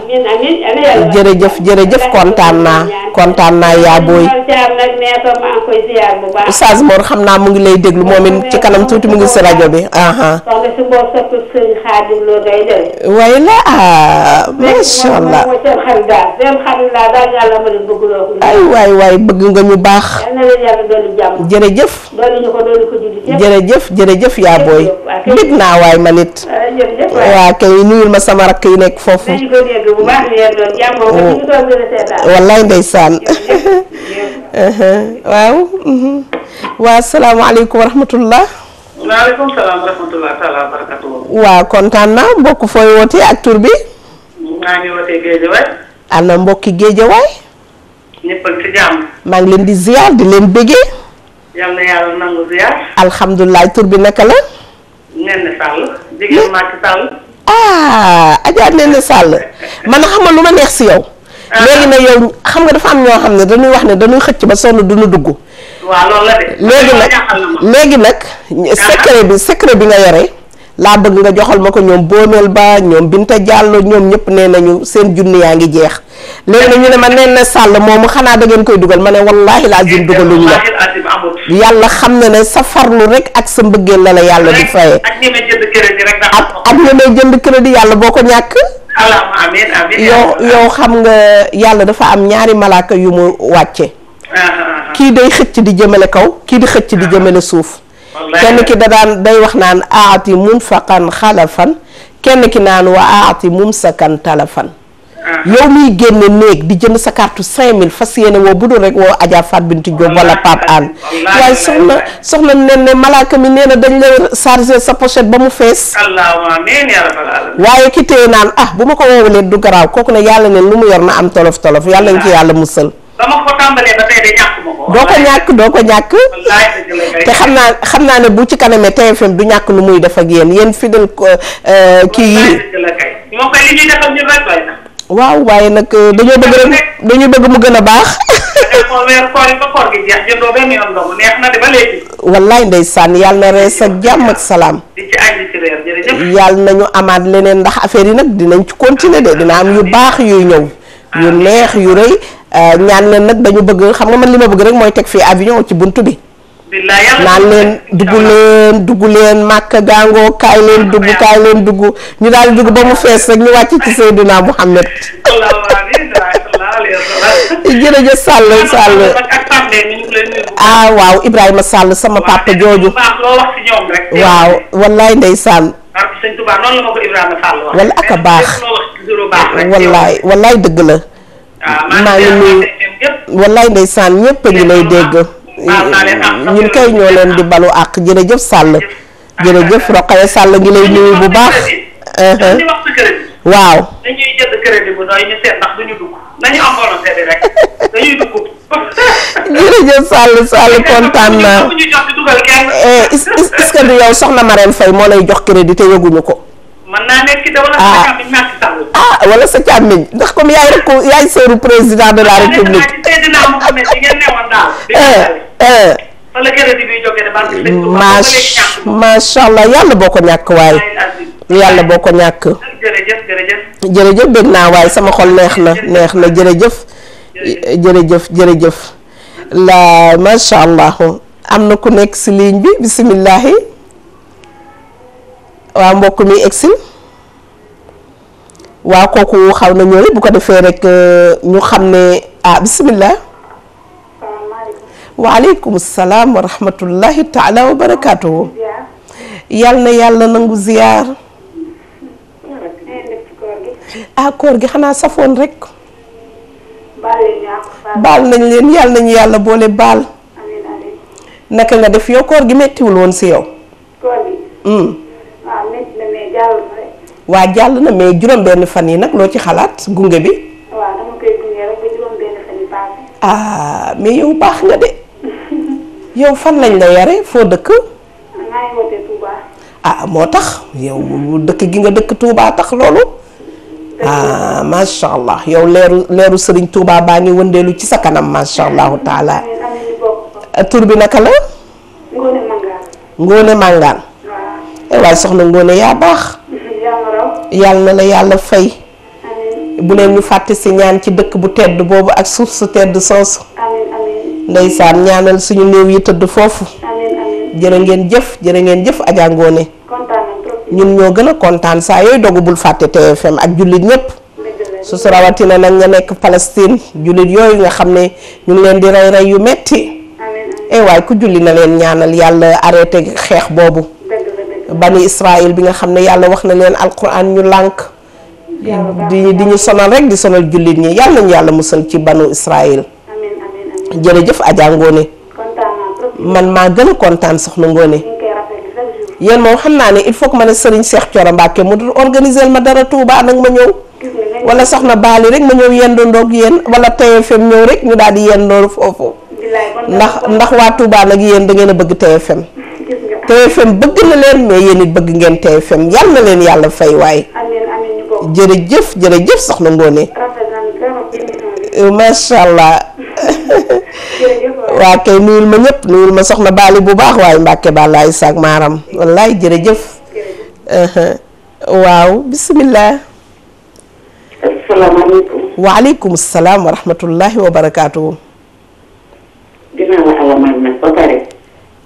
jërëjëf jërëjëf kontaan naa kontaan naa yaa booy. Oustaz xam naa mu ngi lay déglu moom it ci kanam tuuti mu ngi si rajo bi. waaye la ah, allah. ay waay waay bëgg nga ñu baax. jërëjëf. jërëjëf jërëjëf yaa booy. bëgg naa waay man it. Ah, waaw kay nuyul ma sama rakk yi nekk foofu. wallaay ndeysaan. [LAUGHS] Uh-huh. waaw. Uh-huh. waa salaamaaleykum wa rahmatullah. waaleykum kontaan na mbokk fooy wootee ak tur bi. ana mbokki géejawaay ñëpp maa ngi leen di ziar di leen bëggee yal tur bi naka la Néné Sall jigéen Macky Sall ah Adja Néné Sall man xamal lu ma neex si yow ah. léegi nag yow xam nga dafa am ñoo xam ne dañuy wax ne dañuy xëcc ba sonn duñu dugg waaw loolu la léegi nag léegi nag secret bi secret bi nga yore laa bëgg nga joxal ma ko ñoom boomeel ba ñoom Binta Diallo ñoom ñëpp nee nañu seen junni yaa ngi jeex léegi na ñu ne ma nee na sàll moomu xanaa dangeen koy dugal ma ne wallaahi laazim dugaluñ la yàlla xam na ne sa farlu rek ak sa mbëggeel la la yàlla di fayee ak ak ñi may jënd crédit yàlla boo ko ñàkk yow yow xam nga yàlla dafa am ñaari malaaka yu mu wàcce ah, ah, ah. kii day xëcc di jëmale kaw kii di xëcc di jëmale suuf kenn ki da daan day wax naan aati munfaqan xalafan kenn ki naan wa aati mumsakan talafan ah. yow miy génne néeg di jënd sa carte cinq mille fas yéene woo bu dul rek woo Adja Fat Bintou Diop wala Pape Anne waaye soxna soxna nen ne malaaka mi nee na dañ lay chargé sa pochette ba mu fees waaye ki naan ah bu ma ko woowulee du garaaw kooku ne yàlla ne lu mu yor na am tolof tolof yàlla nañ ci yàlla musal ba ma ko doo ko ñàkk doo ko ñàkk. te xam naa xam naa ne bu ci kanamee TFM du ñàkk lu muy def ak yéen yéen fi del kii yi. waaw waaye nag dañoo bëgg rek dañoo mu gën a baax. wallaay ndeysaan yàlla na rees ak jàmm ak salaam. yàlla nañu amaat leneen ndax affaire yi nag dinañ ci continuer de dina am yu baax yuy ñëw. yu neex yu rëy. Euh, ñaan leen nag dañu bëgg xam nga man li ma bëgg rek mooy teg fii avion ci bunt bi naan leen dugg leen dugg leen màkk gàngoo kaay leen dugg kaay leen dugg ñu daal dugg ba mu fees rek ñu wàcc ci Seydina Muhammad jërëjëf Sall Sall ah waaw Ibrahima Sall sama papa jooju waaw wallaay ndeysaan wala ak a baax wallaay wallaay dëgg la maa ngi nuyu wallaay ndeysaan ñëpp ñu lay dégg ñun kay ñoo leen di balu àq jërëjëf Sall jërëjëf Rokhaya Sall ngi lay nuyu bu baax waaw dañuy jënd crédit bu doy ñu seet ndax duñu [LAUGHS] kontaan naa eh, est-ce que yow soxna Marème Faye moo lay jox crédit te yëguñu ko mën ah. ah wala sa càmmiñ ndax comme yaay rek yaay seeru président de la république. [LAUGHS] Eh, eh. macha allah yàlla boo ko ñàkk waaye. yàlla boo ko ñàkk. jërëjëf jërëjëf. jërëjëf dégg naa waaye sama xol neex na neex na jërëjëf. jërëjëf jërëjëf. la macha allah am na ku nekk si ligne bi bisimilahi. waa mbokk mi egsi waaw kooku xaw na ñëw bu ko defee rek euh, ñu xam ne ah bisimilah. waaleykum salaam wa rahmatullahi taala wa barakaatu. yal na yàlla nangu ziyaar. ah koor gi xanaa safoon rekk baal nañ leen yàlla nañu yàlla boole baal. naka nga def yow koor gi mettiwul woon si yow. waa jàll na mais juróom-benn fan yi nag loo ci xalaat gunge bi. waaw dama baax ah mais yow baax nga de. yow fan lañ la yare foo dëkk. ah moo tax yow dëkk gi nga dëkk Touba tax loolu. ah macha allah yow leeru leeru sëriñ Touba baa ngi wëndeelu ci sa kanam macha allahu taala. tur bi naka la. Ngone Mangane. Ngone Eh, waaye soxna Ngoné yaa baax. yàlla na la yàlla fay. bu leen ñu fàtte si ñaan ci dëkk bu tedd boobu ak suuf su tedd soosu. ndeysaan ñaanal suñu néew yi tëdd foofu. jërë ngeen jëf jërë ngeen jëf Adja Ngoné ñun ñoo gën a kontaan saa yooyu dogu bul fàtte TFM ak jullit ñëpp. su su rawatina nag nga nekk Palestine jullit yooyu nga xam ne ñu leen di rey rey yu metti. eh waay ku julli na leen ñaanal yàlla arrêté xeex boobu. bani Israël bi nga xam ne yàlla wax na leen alquran ñu lànk di di ñu sonal rek di sonal jullit ñi yàlla nañu yàlla musal ci banu Israël jërëjëf Adja Ngoné man maa gën a kontaan soxna Ngoné yéen moom xam naa ne il faut que ma ne Serigne seex Thioro Mbacké mu organiser ma dara Touba nag ma ñëw wala soxna Baali rek ma ñëw yendoo ndoog yéen wala TFM ñëw rek ñu daal di yendoo foofu ndax ndax waa Touba nag yéen da ngeen a bëgg TFM TFM bëgg na leen mais yéen it bëgg ngeen TFM yal na leen yàlla fay waay. amiin amiin ñu bokk jërëjëf jërëjëf soxna Ngoné. Euh, macha allah. waa kay nuyul ma ñëpp nuyul ma soxna Baali bu baax waaye Mbàkke Balla Isaak Maaram wallaay jërëjëf. waaw bisimilah. asalaamaaleykum. waaleykum salaam wa rahmatullahi wa barakaatu. dinaa la alamaan nag ba pare.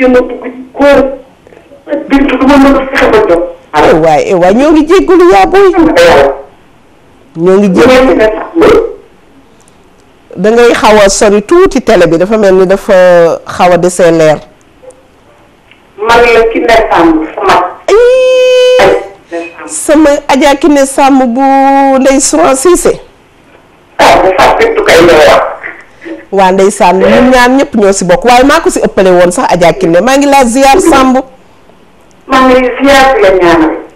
jéem a dugg kóor eh, eh, ñoo ngi jégalu yaa booy. Eh, ñoo ngi jégalu da ngay xaw a sori tuuti télé bi dafa mel ni dafa xaw a desee leer. man la ki sama. sama ne sàmm bu Ndeye Sourang waa ndeysaan ñun eh. ñaan ñëpp ñoo si bokk waaye maa ko si ëppale woon sax Adja maa ngi laa ziar Samb. maa waaye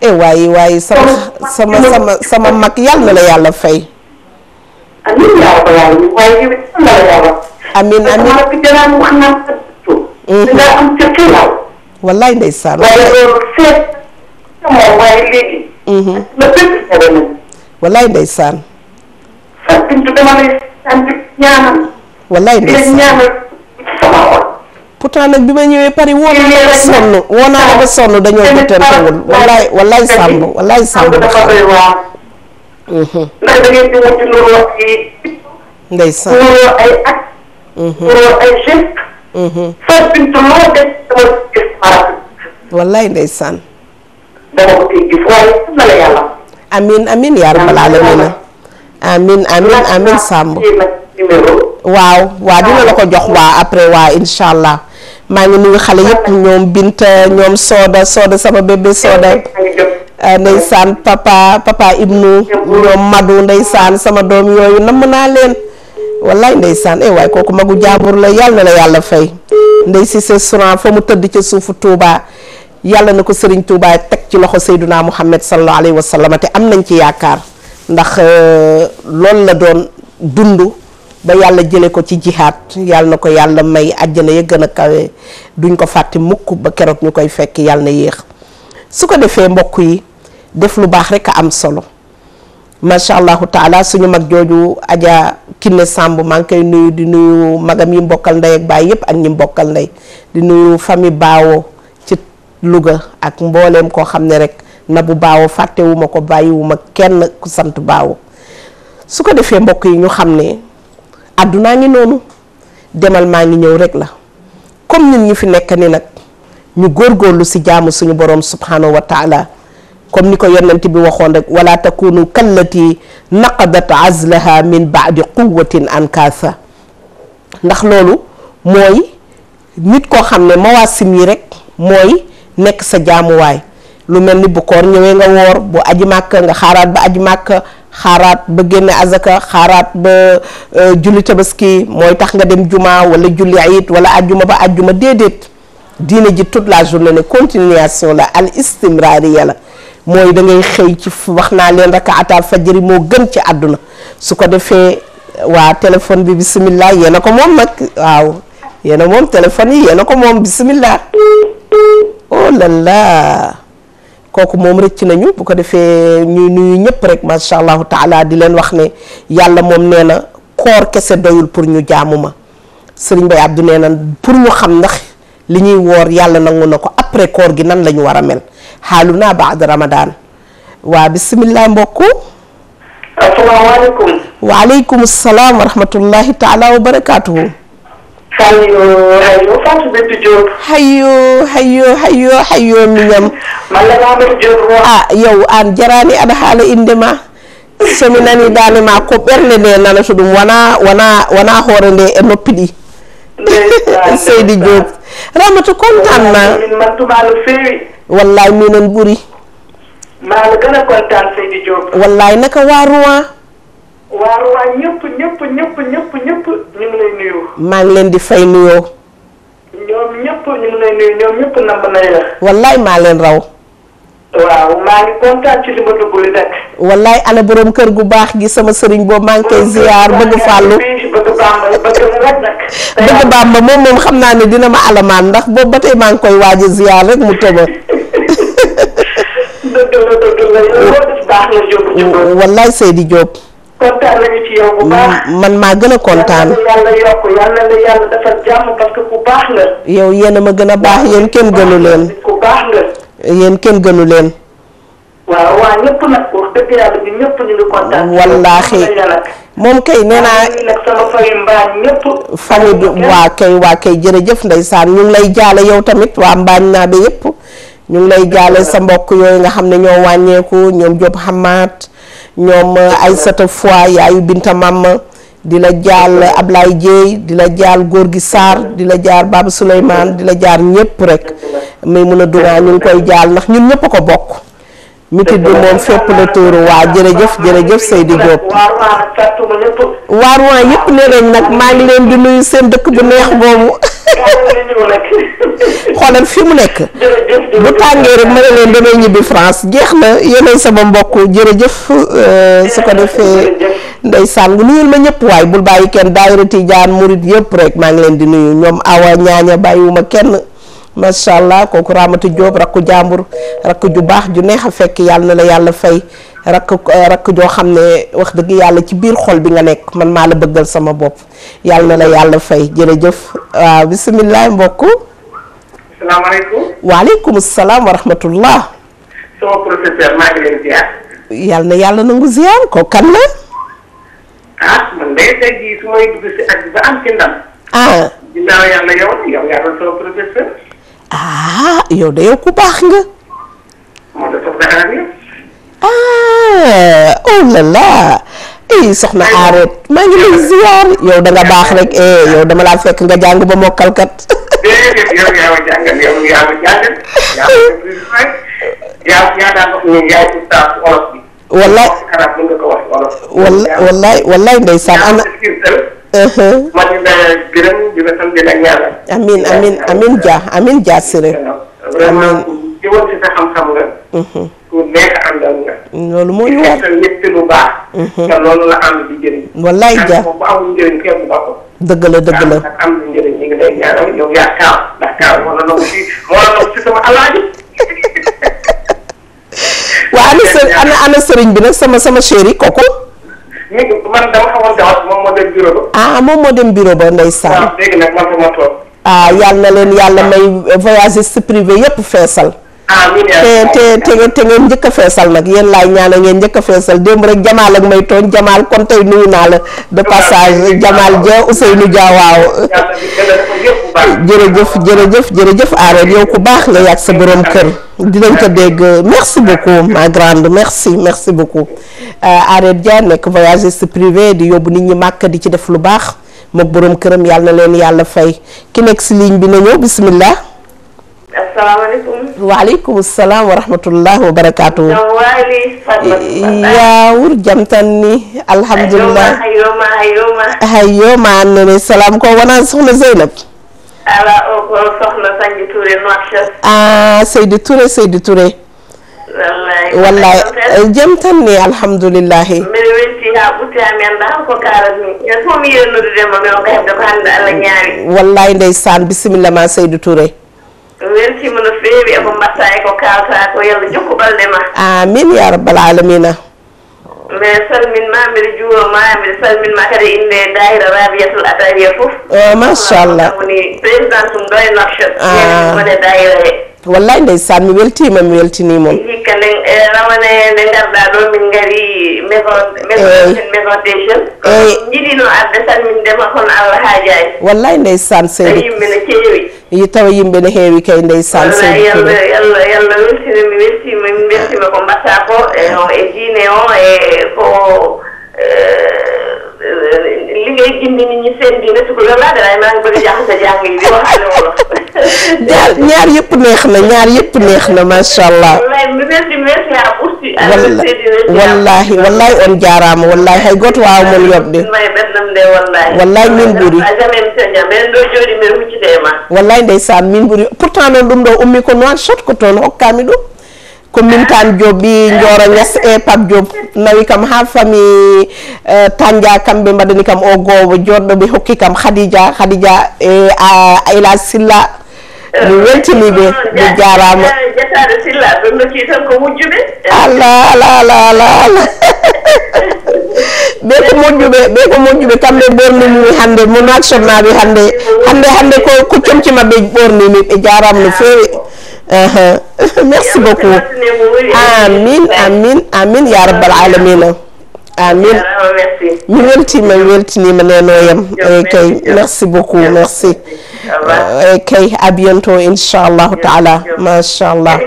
eh, waaye sama sama sama sama mag na la yàlla la yàlla. amiin amiin parce que gannaaw wax wallaay pourtant nag bi ma ñëwee Paris woo naa la ba dañoo jotantewul wallaay wallaay sàmb wallaay sàmb dafa doy waar mm-hmm. ndax da ngeen di wut ci mm-hmm. mm-hmm. la yàlla amin amin amin amin amin waaw waa dina la ko jox waa après waa incha allah maa ngi nuyu xale yëpp ñoom Binta ñoom Soda Soda sama bébé Soda. Euh, ndeysaan papa papa Ibnu ñoom Madou ndeysaan sama doom yooyu namm naa leen wallaay ndeysaan eh waaye kooku magu jaambur la yàlla na la yàlla fay ndey si sa suran fa mu tëdd ca suufu Touba yàlla na ko sëriñ Touba teg ci loxo Seyduna Muhammad sallallahu alayhi wa sallam te am nañ ci yaakaar ndax euh, loolu la doon dund. ba yàlla jële ko ci jihaat yàlla na ko yàlla may àjjana ya gën a kawe duñ ko fàtte mukk ba keroog ñu koy fekk yàlla na yéex su ko defee mbokk yi def lu baax rek a am solo macha allahu taala suñu mag jooju aja kinne sàmb maa ngi koy nuyu di nuyu magam yi mbokkal ndey ak baay yépp ak ñi mbokkal ndey di nuyu famille baawoo ci Louga ak mbooleem koo xam ne rek na bu baawo fàttewuma ko bàyyiwuma kenn ku sant baawo su ko defee mbokk yi ñu xam ne àddunaa ngi noonu demal maa ngi ñëw rek la comme ñun ñu fi nekk ni nag ñu góorgóorlu ci jaamu suñu borom subhanahu wa taala comme ni ko yonent bi waxoon rek wala takunu kallati naqadat azlaha min baadi quwatin ankaasa ndax loolu mooy nit koo xam ne mawaasim yi rek mooy nekk sa jaamuwaay lu mel ni bu koor ñëwee nga woor bu aji nga xaaraat ba aji xaaraat ba génne azaka xaaraat ba euh, julli tabaski mooy tax nga dem juma wala julli ayit wala ajjuma ba ajjuma déedéet diina ji toute la journée ne continuation la al istimrariya la mooy da xëy ci wax naa leen rakaatal fajri moo gën ci àdduna su ko defee waa téléphone bi bisimilah yéena ko moom nag waaw yéena moom téléphone yi yéena ko moom bisimilah oh là kooku moom rëcc nañu bu ko defee ñuy nuyu ñëpp rek macha allah taala di leen wax ne yàlla moom nee na koor kese doyul pour ñu jaamu ma sëriñ Bay Abdu nee na pour ñu xam ndax li ñuy woor yàlla nangu na ko après koor gi nan lañu war a mel xaalu naa baad Ramadan waa bisimilah mbokk. asalaamaaleykum. waaleykum salaam wa rahmatullahi taala wa barakaatuhu. Saliou Rajo Fatou Bintou Diop. xayoo xayoo xayoo xayoo mi ñam. man la Mamadou Diop ah yow an jarani aɗa haala inde ma somi nani dande ma ko ɓerle nde nana so ɗum wona wona wona hoore nde e noppi ɗi [LAUGHS] seydi diop ramata contan ma min mantuma no fewi wallahi minen ɓuuri maɗa gana contan seydi diop wallahi naka waruwa waaw waaw ñëpp ñëpp ñëpp ñëpp ñu ngi lay nuyu. maa ngi leen di fay nuyu la. wallaay maa leen raw. waaw maa ngi wallaay ana borom kër gu baax gi sama sëriñ boobu maa ngi koy ziar bëgg fàllu. bëgg bàmba bëgg moom moom xam naa ne dina ma alamaan ndax boobu ba tey maa ngi koy waaj a ziar mu tëba. [LAUGHS] dëgg wallaay Seydi Diop. man maa gën a kontaan. yàlla yokk ma gën a baax yéen kenn gënu leen. ku baax nga. yéen kenn gënu leen. waa kay nee naa. nag sama famille mbaañ ñëpp. famille bi waa kay waa kay jërëjëf ndeysaan ñu ngi lay jaale yow tamit waa mbaañ naa ba yëpp. ñu ngi lay jaale sa mbokk yooyu nga xam ne ñoo wàññeeku ñoom Diop Hamad ñoom ay Foy yaayu Binta Mama di la jaal Ablaye Dieye di la jaal Gorgui Sarr di la jaar Baba Souleymane di la jaar ñëpp rek may mun a dunaa ñu ngi koy jaal ndax ñun ñëpp ko bokk mitit bi moom fépp la tuuru waa jërëjëf jërëjëf Seydi Diop waar waa yëpp ne nañ nag maa ngi leen di nuyu seen dëkk bu neex boobu [LAUGHS] xoolal fi mu nekk bu tàngee rek ma ne leen damay ñibbi France jeex na yéenay sama mbokk jërëjëf euh, su ko defee ndeysaan nuyul ma ñëpp waaye bul bàyyi kenn daayira Tijaan murit yëpp rek maa ngi leen di nuyu ñoom awa ñaaña bàyyiwuma kenn macha allah kooku Ramata Diop rakku jàmbur rakk ju baax ju neex a fekk yàlla na la yàlla fay rakk eh, rakk joo xam ne wax dëgg yàlla ci biir xol bi nga nekk man maa la bëggal sama bopp yàlla na la yàlla fay jërëjëf waaw ah, bisimilah mbokk. salaamaaleykum. waaleykum salaam wa yàlla na yàlla nangu ziar kooku kan ah yow de yow ku baax nga. ah oh là eh, soxna Arend maa ngi lay ziar yow da baax rek eh yow dama laa fekk nga jàng ba mokkal kat. déedéet yow yaa ma jàngal ana. Uh-huh. man di la gërëm di la sant di la ñaanal. amin amin amin Dia amin Dia si sa uh-huh. loolu moo uh-huh. wallaay Dia dëgg la dëgg la ak [LAUGHS] ana sëriñ bi nag sama sama chéri kooku. man dama xamoon moom moo dem bureau ba. ah moom moo dem bureau ba ndeysaan. waaw ah, ma toog. ah yàlla na leen yàlla may voyages privés yépp feesal. te te te ngeen njëkk a feesal nag yéen laay ñaanal ngeen njëkk a feesal démb rek jamaal ak may tooñ jamaal kon tey nuyu naa la de passage jamaal ja Ousseynou Dia waaw jërëjëf jërëjëf jërëjëf Arend yow ku baax nga yàgg sa borom kër dinañ ko dégg merci beaucoup ma grande merci merci beaucoup euh, Arend Dia nekk voyagiste privé di yóbbu nit ñi màkk di ci def lu baax mook borom këram yàlla leen yàlla fay ki nekk si ligne bi na bismillah asalaamaaleykum. waaleykum salaam wa rahmatullah wa barakaatu. yaawur jamtanni alhamdulillah hayoma hayoma hayoma annene salam ko wona sohna zeynab ala o ko sohna sanji touré noachas ah seydi touré seydi touré wallahi jam tan ni alhamdulillahi mbiɗa welti ha ɓutti ha mi anda ko karatmi en fof mi yernududema mi on ko hebde ko hande allah ñaawi wallahi ndeysan bisimilla ma seydou touré weltima no feewi eko mbatta eko kalta ko yallah jokku balɗe ma amin ya rabbal alamina mbiɗa salminma mbiɗa juuroma mbiɗa salminma kadi inde dahira rabiyatul adariya foof oh, machallah woni présidente um ɗo e nafshat ah. wone dahira he wallay ndeysan mi weltima mi weltinimo hikka eh, rawane nde garɗa ɗo min gari maison maison des jeunes eyi jiɗino min ndema kono allah haajani wallay ndeysan seydi yimɓe ne heewi kay ndeysan seydi yalla yalla weltina mi weltima ko mbatta ko e, e diine o e ko eh, li ngay ñaar ñaar yëpp ñaar yëpp neex na allah. wallahi wallahi on jarama wallahi hay goto wawa mon yobde wallahi min ɓuuri wallahi ndeysan min ɓuuri pourtant noon ɗum ɗo ummi ko noon sotko toon hokkami ɗum commune Tan Diop ɓe Dioro Niass e Pape Diop nawi kam ha famille euh, Tandia kamɓe mbaɗani kam o gowo ɓe hokki kam khadija khadija euh, silla ɓe dokki ɓe ko ɓe [LAUGHS] ko moƴƴuɓe kamɓe ɓornimimi hannde mo naksonnaɓe hannde hannde ko comci mabɓe ɓornimi ɓe jarama no fewi merci beaucoup amin amin amin ya rabbal alamina amin mi weltima mi weltinima nenoyam eyi kay merci beaucoup merci eyi euh, kay a bientôt inchallahu taala machallah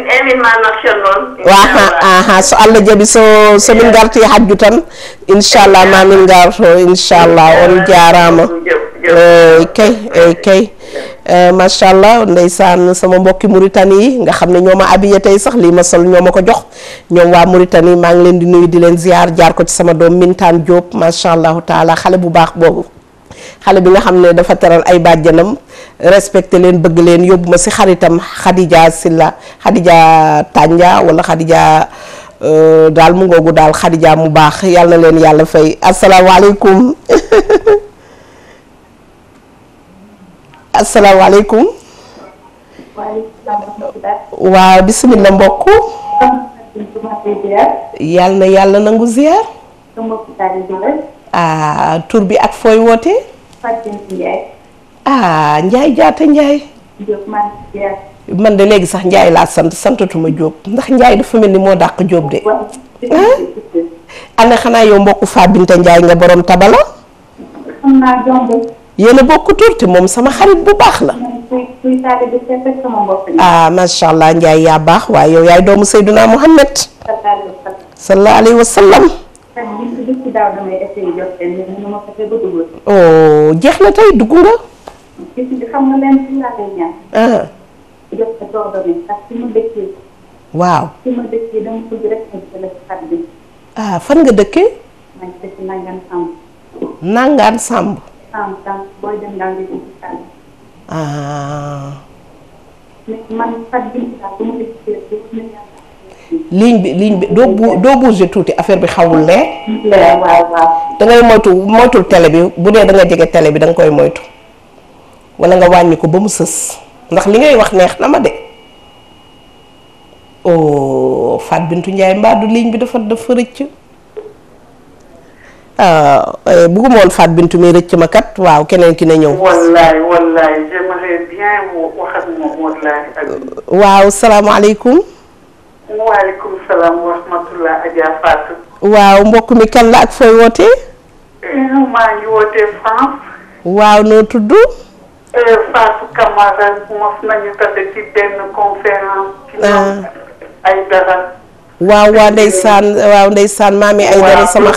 aha aha so allah jaaɓi so somin garti hajju tan inchallah mamin garto inchallah on jarama Euh, kay euh, kay euh, macha allah ndeysaan sama mbokki Mauritanie yi nga xam ne ñoo ma abiya tey sax lii ma sol ñoo ma ko jox ñoom waa Mauritanie maa ngi leen di nuyu di leen ziar jaar ko ci sama doom Mintaan Diop macha allahu taala xale bu baax boobu xale bi nga xam ne dafa teral ay bàjjanam respecté leen bëgg leen yóbbu ma si xaritam Khadija Silla Khadija Tanja wala Khadija daal mu ngoogu daal Khadija mu baax yàlla na leen yàlla fay asalaamaaleykum. [LAUGHS] asalaamaaleykum. waaw bisimilah mbokk. yàlla na yàlla nangu ziar. ah tur bi ak fooy woote. ah Ndiaye jaata Ndiaye. man de léegi sax Ndiaye laa sant santatuma Jóob ndax Ndiaye dafa mel ni moo dàq Jóob de. Ah? ana xanaa yow mbokk Fabinta Ndiaye nga borom tabala. yéen a bokk tur moom sama xarit bu baax la. ah macha allah Ndiaye yaa baax waaye yow yaay doomu Seyduna Muhammad. sallallahu alayhi wa oh, jeex na tey dugg nga. ah. waaw. Ah, fan nga dëkkee. Nangaan Samb. liiñ ah. bi liiñ bi doo bu doo bougé tuuti affaire bi xawul leer. leer waaw waaw. da ngay moytu moytul télé bi bu dee da nga jege télé bi danga koy moytu. wala nga wàññi ko ba mu sës ndax li ngay wax neex na ma de. oh bintu Binetou Ndiaye mbaa du ligne bi dafa dafa rëcc. Euh, eh, bëgguma woon Fatou Bintou mi rëcc ma kat waaw keneen ki na ñëw. waaw salaamaaleykum. waaleykum wa rahmatulah waaw mbokk mi kan la ak fooy wootee. Eh, waaw noo tudd. Eh, Fatou Camara mos nañu ah. waaw waaw ndeysaan waaw ay dara sama.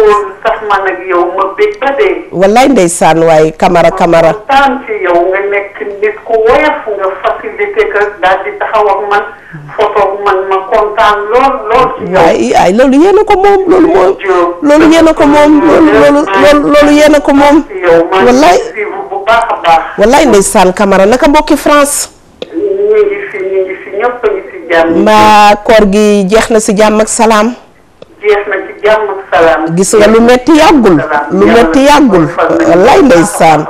kóol sax man waaye kamara kamara. kontaan ci yow nga nekk nit ku woyof nga facilité que daal di taxaw man photo man ma kontaan lool waay ay loolu yéen a ko moom loolu loolu loolu loolu loolu loolu yéen a ko moom. wallaay bu baax a kamara naka mbokki France. mbaa koor gi jeex na si jàmm ak salaam. jeex na ci jàmm ak gis nga lu metti yàggul lu metti yàggul lay lay saan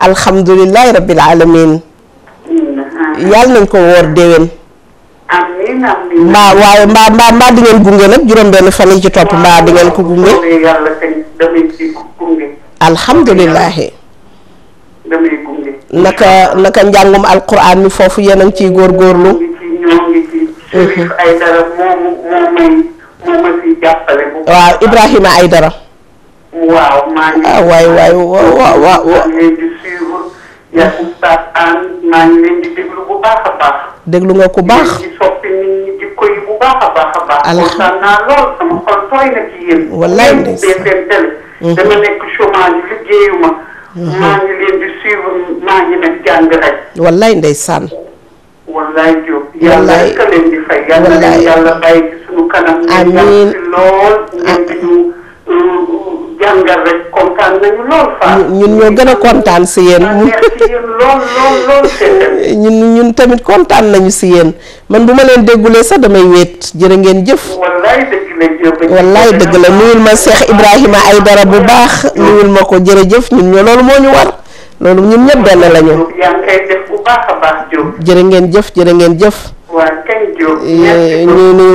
alhamdulilahi rabbil alamin yàlla nañ ko woor déwén mbaa waaye mbaa mbaa mbaa di ngeen gunge nag juróom-benn fan yi ci topp mbaa di ngeen ko gunge alhamdulilahi naka naka njàngum alquran mi foofu yéen ciy góor mhm. ay mu ma si jàppale bu waaw Ibrahima Aïdara waaw maa ngi ah waay waay waaw waaw waaw maa ngi leen di suivre yaa oustaz Anne maa ngi leen di déglu bu baax a baax déglu nga ku baax di soppi nit ñi di koy bu baax a baax a baax kontaan naa lool sama xol tooy na ci yéen wallaay ndeysaan seen télé mhm. dama nekk chômage liggéeyuma mhm. maa ngi leen di suivre maa ngi nekk jàng rek wallaay ndeysaan wallaay Diop. yàlla leen di fay. ñun ñoo gën a kontaan si yéen. [LAUGHS] ñun ñun tamit kontaan nañu si yéen man bu ma leen déggulee sax damay wéet jërë ngeen jëf. wallaay dëgg la Diop. wallaay dëgg la nuyul ma Cheikh Ibrahima Aïdara bu baax nuyul ma ko jërëjëf ñun ñoo loolu moo ñu war loolu ñun ñëpp benn lañu. baax ngeen jëf jërë ngeen jëf. waaw kay eh,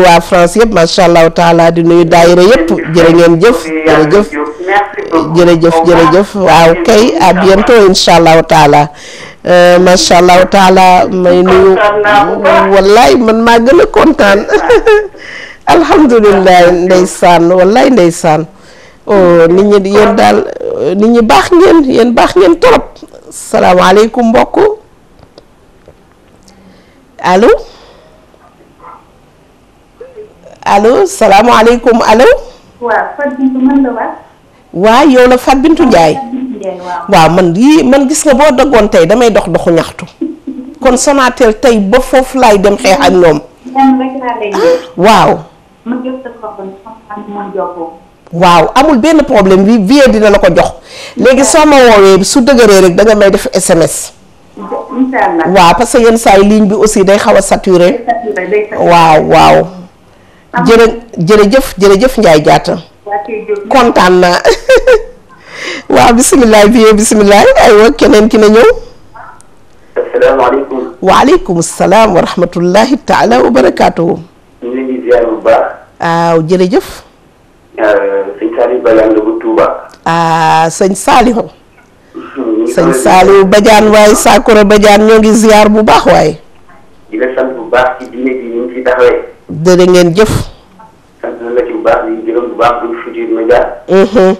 waa France yëpp macha allahu taala di nuyu daayira yëpp jërë ngeen jëf. jërëjëf jërëjëf jërëjëf waaw kay à bientôt incha allahu taala. Eh, macha allahu taala may nuyu. wallaay man maa gën a kontaan. [LAUGHS] alhamdulilah ndeysaan wallaay ndeysaan. oh nit ñi yéen daal eh, nit ñi baax ngeen yéen baax ngeen trop. salaamaaleykum mbokk. allo allo salaamaaleykum allo. waaw Fatou Bintou man la waat. waaw yow la Fatou Bintou waaw man yii man gis nga boo doggoon tey damay dox doxu ñaxtu. kon Sonatel tey ba foofu laay dem xeex ak ñoom. waaw. waaw amul benn problème bi vie dina la ko jox. léegi soo ma woowee su dëgëree rek danga nga may def SMS. waaw parce que yenn saa yi ligne bi aussi day xaw waaw waaw. jërë jërëjëf jërëjëf Ndiaye Diatta. kontaan naa. [LAUGHS] waaw bisimilah bi bisimilah aywa keneen ki na ñëw. asalaamaaleykum. waaleykum salaam wa rahmatullahi taala wa barakaatuhu. ñu ngi leen sëñ Saliou Badiane waaye Sakura Badiane ñoo ngi ziar bu baax waaye. di la sant bu baax ci diine bi ñu ngi fi taxawee. dëgg ngeen jëf. sant la ci bu baax bu baax du futur média. Mm-hmm.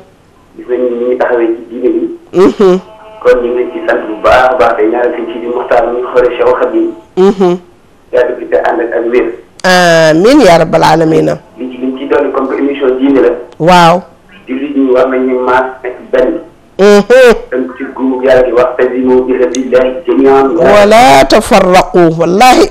ci diine bi. Mm-hmm. kon ñu ngi leen ci sant a baax day ñaanal sëñ Sidi Muxtaar ñu xoolee Cheikh Khadim. Mm-hmm. yàlla bi te ànd ak ak wér. amiin yaa rabbal aalamiin. li ci li ci waaw. dem ci guub yaa ngi wax tafarraqu wallahi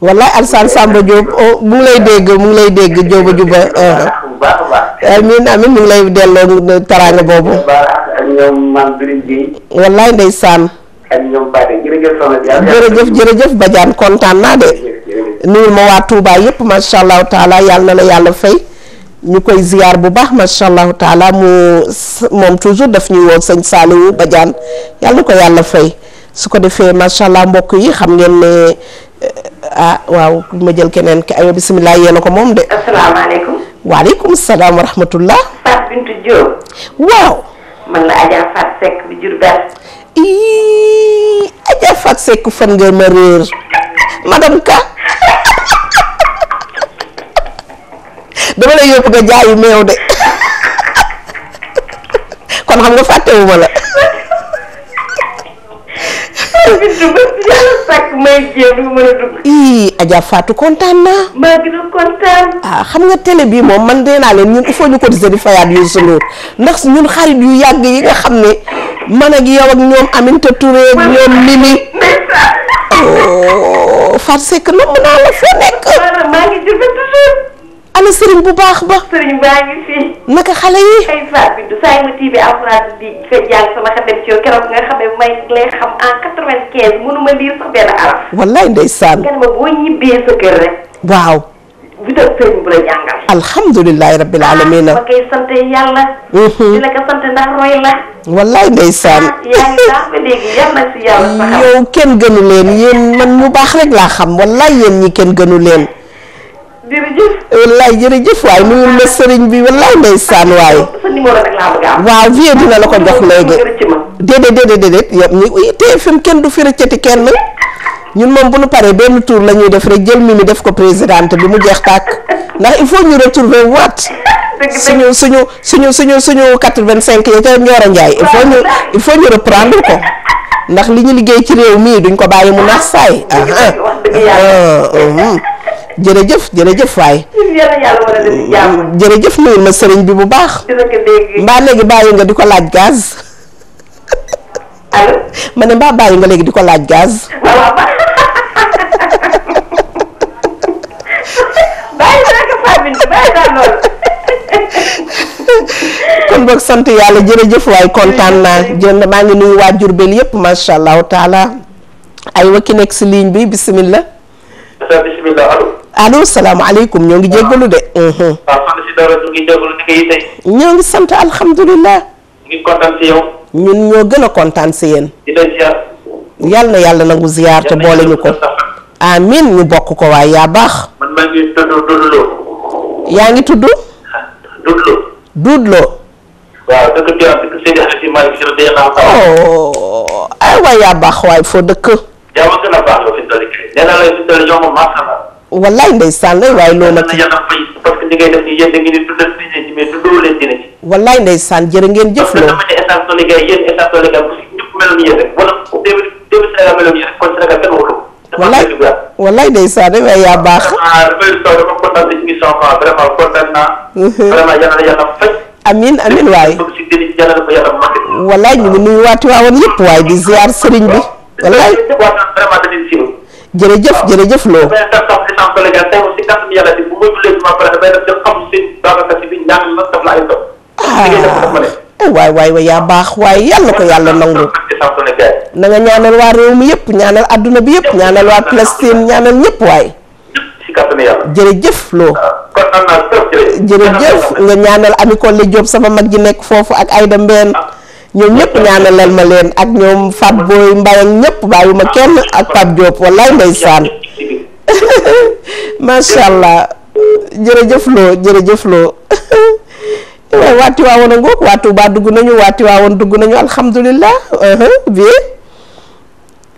yàlla Alsaan Samba Diop oh, mu ngi lay dégg mu lay dégg Diop juba bu eh, eh. baax a baax amiin lay delloo taraanga boobu ak ñoom maam jërëjëf jërëjëf jërëjëf kontaan naa de nuyul ma waa Touba yëpp macha allahu taala yàlla na la yàlla fay ñu koy ziyaar bu baax macha allah taala mu moom toujours daf ñuy woo sëñ Saliou Badiane yàlla ko yàlla fay su ko defee macha allah mbokk yi xam ngeen ne eh, ah waaw ma jël keneen ki aywa bisimilah yéena ko moom de. asalaamaaleykum. waaleykum waaw. man la Adja Fatou Seck bi Diourbel. iii Adja Fatou Seck fan nga ma réer madame Ka. dama lay yóbbu nga jaayi meew de kon xam nga fàttewuma la. ii Adja Fatou kontaan naa. ah xam nga télé bii moom man dee naa leen ñun il faut ñu cotiser di fayaat yu sunóor ndax ñun xarit yu yàgg yi nga xam ne man ak yow ak ñoom Aminata Touré ak ñoom Mimi. ko Fatou Seck nopp naa la foo nekk. maa ngi jëfee toujours. ana sëriñ bu baax ba. sëriñ baa ngi fi. naka xale yi. ay Fatou Bintou saa yu ma tiibee alxuraan di fa dem ci yow keroog nga xam ne may lay xam en quatre vingt ma lire sax benn araf. wallaay ndeysaan. kenn ma boo ñibbee sa kër rek. waaw. bi def sëriñ bu la jàngal. alhamdulilah rabbil ah, alamina. ba koy sant yàlla. Mm-hmm. di la ko sant ndax roy la. wallaay ndeysaan. Ah, yaa ngi tax ba léegi yal na si yàlla. yow kenn gënu leen yéen man mu baax rek laa xam wallaay yéen ñi kenn gënu leen. jërëjëf. wallaay jërëjëf waay nuyul ma sëriñ bi wallaay ndeysaan waay. sa numéro rek a am. waaw vie dina la ko jox léegi. déedéet déedéet déedéet yëpp ñu eh, kenn du fi rëccati kenn ñun moom bu nu paree benn tour la ñuy def rek jël Mimi def ko présidente bi mu jeex tàkk ndax il faut ñu retrouver waat. suñu suñu suñu suñu suñu quatre-vingt-cinq yi ca Nioro Ndiaye il faut ñu il faut ko ndax li ñu liggéey ci réew mii duñ ko bàyyi mu nax saay. jërëjëf jërëjëf waay. jërëjëf nuyul ma sëriñ bi bu baax. mbaa léegi bàyyi nga di ko laaj gaas allo. ma ne di ko laaj gaz. kon boog sant yàlla jërëjëf waay kontaan naa jërë maa ngi nuyu waa Jurbel yépp macha allah taala ay wa ki nekk si ligne bi bisimilah. bisimilah allo. allo ñoo ngi jéggalu de. ñoo ngi sant alhamdulilah. kontaan si yow. ñun ñoo gën a kontaan si yéen. yal na yàlla nangu ziar te boole ñu ko. amin ñu bokk ko waaye yaa baax. yaa ngi tudd. Doudou Lo. Doudou Lo. waaw oh, yaa baax waay foo dëkk. a gën a nee naa la ñu dal yomb macha allah. wallaay ndeysaan la waaye loolu. dana yàlla fay parce que da ngeen di dundal diine ji mais dundaloo leen diine ji. wallaay ndeysaan jërë ngeen jëf loolu. parce que dama ne état Sénégal yéen état Sénégal bu si ñëpp meloon yéen rek wala déwén déwén Sénégal meloon yéen rek waaye yaa baax. Mhm. amin amin waay. wallaay ñu ngi nuyuwaati waawoon yëpp waaye di ziar sëriñ bi wallaay. jërëjëf jërëjëf loo ah. eh, waay waay waay yaa baax waaye yàlla ko yàlla nangu na nga ñaanal waa réew bi yëpp ñaanal waa Palestine ñaanal ñëpp waay jërëjëf ah, sama mag ji nekk foofu ak Aïda Mbène ah. ñoom ñëpp ñaanalal ma leen ak ñoom Fat Boy Mbaye ak ñëpp bàyyi ma kenn ak Pape Diop wallaay ndeysaan [LAUGHS] macha allah jërëjëf loo jërëjëf loo [LAUGHS] waaw waati waawoon a ngoog waa Touba dugg nañu waati waawoon dugg nañu alhamdulilah bi uh-huh,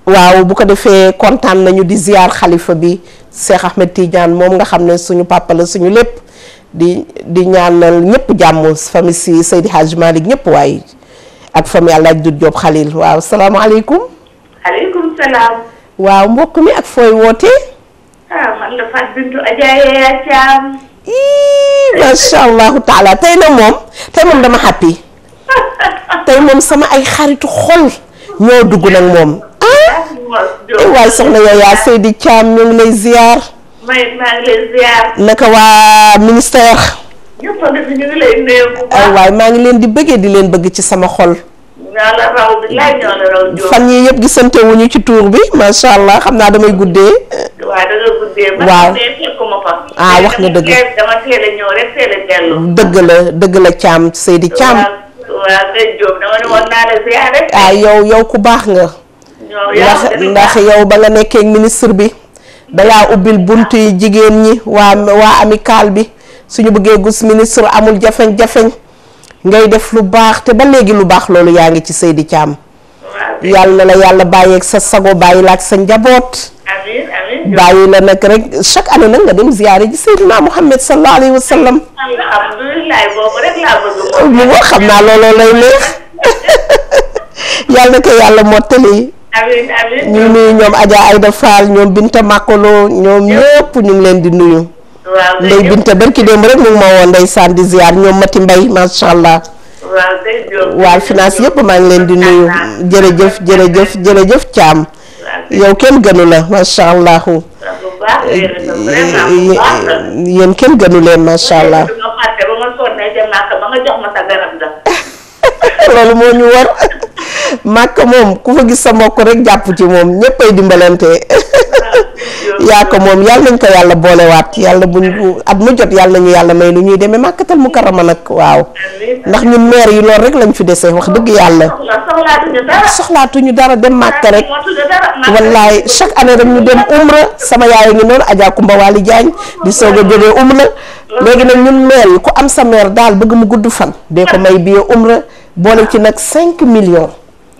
waaw bu ko defee kontaan nañu di ziar xalifa bi Cheikh Ahmed Tidiane moom nga xam ne suñu papa suñu lépp di di ñaanal ñëpp jàmm famille si Seydi Hadj Malick ñëpp waaye. ak famille Alaaji Dut Jóob Xalil waaw salaamaaleykum. salaam. waaw mbokk mi ak fooy wootee. ah man la Fatou Bintou Adja taala tey na moom tey moom dama happy [LAUGHS] tey moom sama ay xaritu xol ñoo dugg nag moom. ah eh, waaye soxna Yaya Seydi Thiam ñu lay ziar. naka waa ministère. ñëpp maa ngi leen di bëggee di leen bëgg ci sama xol. fan yii yëpp gisante ci tuur bi macha allah xam naa damay guddee. waaw da nga ah wax nga dëgg. dëgg la dëgg la Thiam Seydi Thiam. ah yow yow ku baax nga. ndax ndax yow ba nga nekkee ministre bi. dangaa ubbil bunt yi jigéen ñi waa waa kaal bi. su ñu bëggee gus ministre amul jafeñ-jafeñ ngay def lu baax te ba léegi lu baax loolu yaa ngi ci Seydi caam yàlla na la yàlla bàyyeeg sa sago bàyyi la ak sa njaboot bàyyi la nag rek chaque année nag nga dem ziyaare ji Seydina Muhammad sallallahu alayhi wa sallam mu nga xam naa looloo lay neex [LAUGHS] yàlla na ko yàlla mottali ñu nuyu ñoom Adja Aïda Fall ñoom Binta Makolo ñoom ñëpp ñu ngi leen di nuyu waaw Ndeye Binta barki démb rek mu ma woon ndeysaan di ñoom Mati Mbaye macha allah. waaw finance yëpp maa ngi leen di nuyu. jërëjëf jërëjëf jërëjëf Thiam. yow kenn gënu la macha allah. Eh, eh, eh, yéen kenn gënu leen macha allah. [LAUGHS] loolu moo ñu war màkk moom ku fa gis sa mbokk rek jàpp ci moom ñëppay dimbalante. [LAUGHS] yaa ko moom yàlla nañ ko yàlla boolewaat yàlla buñ at mu jot yàlla ñu yàlla may lu ñuy demee màkkatal mu karama nag waaw ndax ñun maire yi loolu rek lañ fi dese wax dëgg yàlla soxlaatuñu dara dem màkka rek wallaay chaque année rek ñu dem umra sama yaay ngi noonu Adja Kumba Wali Diagne di soog a jógee umra léegi nag ñun maire yi ku am sa maire daal bëgg mu gudd fan dee ko may billet umra boole ci nag cinq millions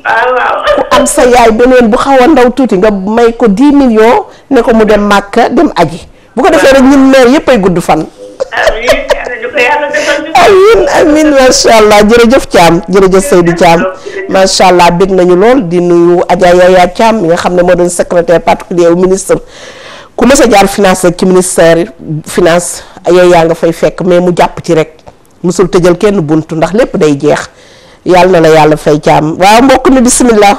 ku am sa yaay beneen bu xaw ndaw tuuti nga may ko 10 millions ne ko mu dem màkk dem aji bu ko defee rek ñun mère yëpp ay gudd fan. amin amin macha allah jërëjëf Thiam jërëjëf Seydou Thiam macha allah bég nañu lool di nuyu Adja Yaya Thiam mi nga xam ne moo doon secrétaire particulier wu ministre ku mës a jaar finance rek ci ministère finance yaa nga fay fekk mais mu jàpp ci rek mosul tëjal kenn buntu ndax lépp day jeex yàlla na la yàlla fay jàmm waaw mbokk mi bisimilah.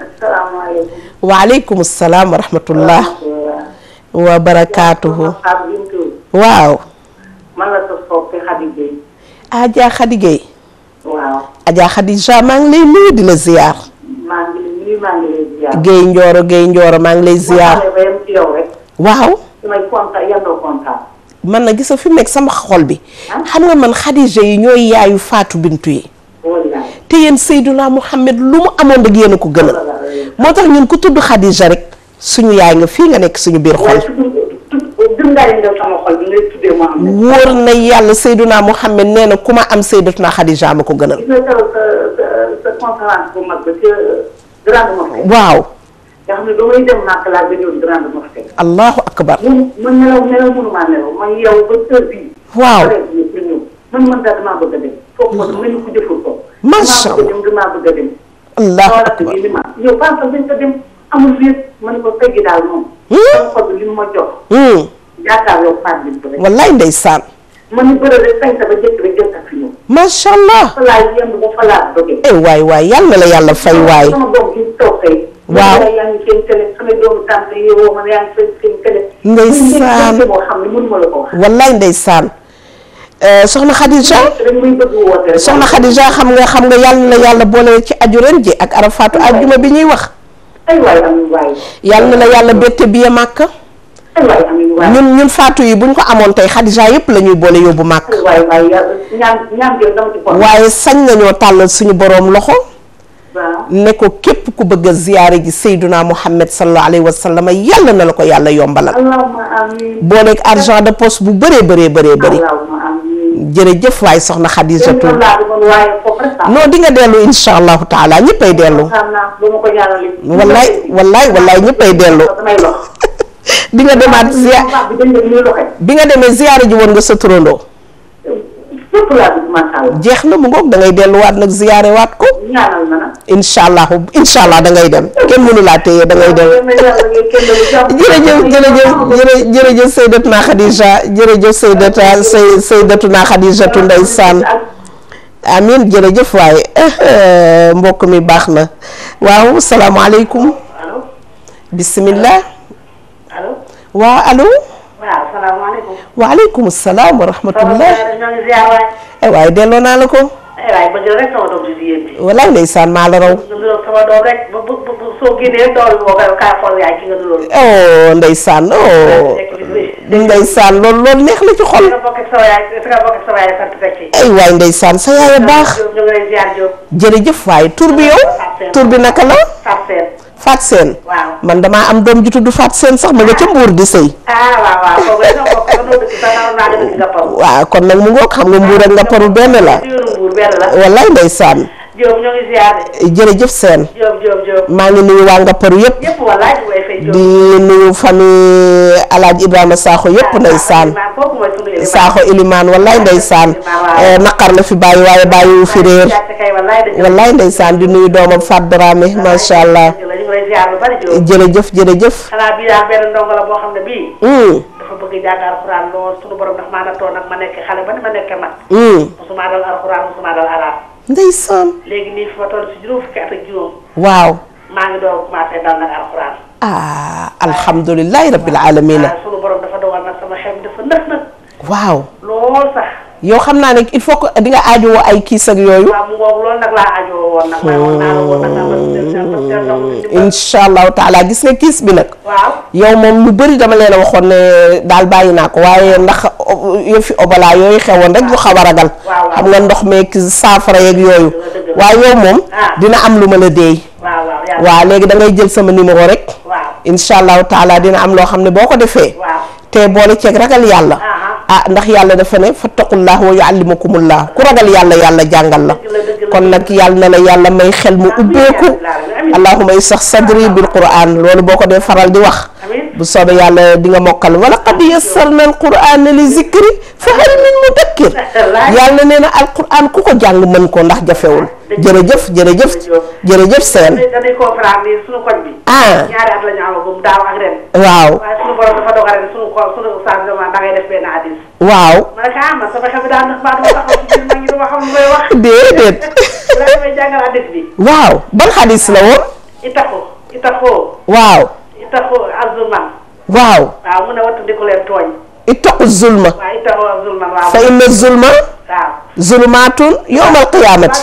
asalaamaaleykum. waaleykum salaam wa rahmatullah. waaw. man la sa soppi maa ngi lay nuyu di la ziar. maa ngi nuyu maa maa ngi lay ziar. waaw. man na gis fi mu nekk sama xol bi. Ah. xam nga man Khadija yi ñooy yaayu Fatou Bintou yi. te yéen Seydouna Mouhamed lu mu amoon rek yéen a ko gënal moo tax ñun ku tudd Khadija rek suñu yaay nga fii nga nekk suñu biir xol. wóor na yàlla Seydouna Mouhamed nee na ku ma am Seydatuna Khadija ma ko gënal. waaw. nga xam allahu akbar. man man daal a ma ne ku a dem damaa ma hmm? ma jox. Hmm. allah fa laa eh, ma ne yaa ngi seen ma ne yaa ngi seen télé. ndeysaan moo xam ne mënuma la ko Euh, soxna Khadija soxna Khadija xam nga xam nga yàlla na yàlla boole ci aju ji ak arafaatu ajjuma bi ñuy wax. yàlla na la yàlla bette bi màkk ñun ñun faatu yi buñ ko amoon tey Khadija yëpp la ñuy boole yóbbu màkk waaye sañ nañoo tàllal suñu boroom loxo ne ko képp ku bëgg a ziyaare ji Seyduna Muhammad sallallahu alayhi wa sallam yàlla na la ko yàlla yombalal booleeg argent de poche bu bëree bëree bëree bëri jëf waay soxna Xadijatu non di nga dellu incha allahu taala ñëppay dellu. wallaay wallaay wallaay ñëppay dellu. [LAUGHS] di nga demaat ziar bi nga demee ziar ji woon nga sa turandoo. fépp jeex na mu ngoog da delluwaat nag ziyaare waat ko. ñaanal ma nag. incha allah incha allah da dem kenn mënu laa téye da ngay dem. jërëjëf jërëjëf jërëjëf jërëjëf Seydatuna Khadija jërëjëf Seydata Sey Seydatuna waaye eh, eh, mbokk mi baax na waaw salaamaaleykum. allo bisimilah. allo waaw waaw salaamaaleykum. salaam wa rahmatullah. ay eh, delloo naa la ko. ay eh, waay ba bi. walaay ndeysaan maa la raw. sama doom rek ba ba soo génnee neex la ci xol. ay eh, waay ndeysaan sa yaay baax. jërëjëf waay tur bi yow. tur bi naka la. Fatou Sène. man damaa am doom ju tudd Fatou Sène sax ma nga ca Mbour di sëy. Ah, waaw kon nag mu ngoog xam nga mbuur ak ngapparu benn la wallaay ndeysaan jërëjëf seen maa ngi nuyu waa ngapparu yëpp di nuyu famille alaaji ibrahima saaxo yëpp ndeysaan saaxo ilimaan wallaay ndeysaan eh, naqar la fi bàyyi waaye bàyyiwu fi réer wallaay ndeysaan di nuyu doomam Fat masha allah jërëjëf jërëjëf xanaa bii dafa bëgg jàng alxuraan lool sunu borom ndax maa nattoo nag ma nekk xale ba ni ma nekkee mag. Hmm. mosuma dal alxuraan mosuma dal arab. ndeysaan. léegi nii fi ma toll si juróom fukki at ak juróom. waaw. maa ngi doon commencé dal nag alxuraan. ah alhamdulilah rabbil aalamiina. waaw sunu borom dafa dogal nag sama xel dafa nëx nag. waaw lool yow xam naa ne il faut que di nga ay kiis ak yooyu. waaw mu allahu taala gis nga kiis bi nag. yow moom lu bari dama leen a waxoon ne daal bàyyi naa ko waaye ndax yëfi obala yooyu xewoon rek bu xaw a ragal. xam nga ndox meeg saafara yeeg yooyu. waaye yow moom. Ah. dina am lu ma la deey. waaw léegi da jël sama numéro rek. waaw incha allahu taala dina am loo xam ne boo ko defee. te boole ceeg ragal yàlla. Ah, ah ndax yàlla dafa ne fattaqullah wa yuallimukumullah ku ragal yàlla yàlla jàngal la kon nag yàlla na la yàlla may xel mu ubbeeku allahuma isax sadri bil quran loolu boo ko dee faral di wax bu soobee yàlla di nga mokkal wala qad yassarna al quran li zikri fa hal min mudakkir yàlla nee na al quran ku ko jàng mën ko ndax jafewul jërëjëf jërëjëf jërëjëf seen dañuy conférence nii suñu koñ bi ah ñaari at la ñu amagum daaw ak ren waaw waaye suñu borom dafa dogal ren suñu ko suñu ustaas dama da ngay def benn hadis waaw ma ne ko ah man sama xel daa nag baa dama taxaw ci biir ma ngi dama xam lu may wax déedéet la [LAUGHS] damay jàngal hadis bi waaw ban hadis la woon itaxu itaxu waaw itaxu azuman waaw waaw mun a wattandiku leen tooñ ittaqu zulma fa inna zulma zulumaatun yowmal qiyaamati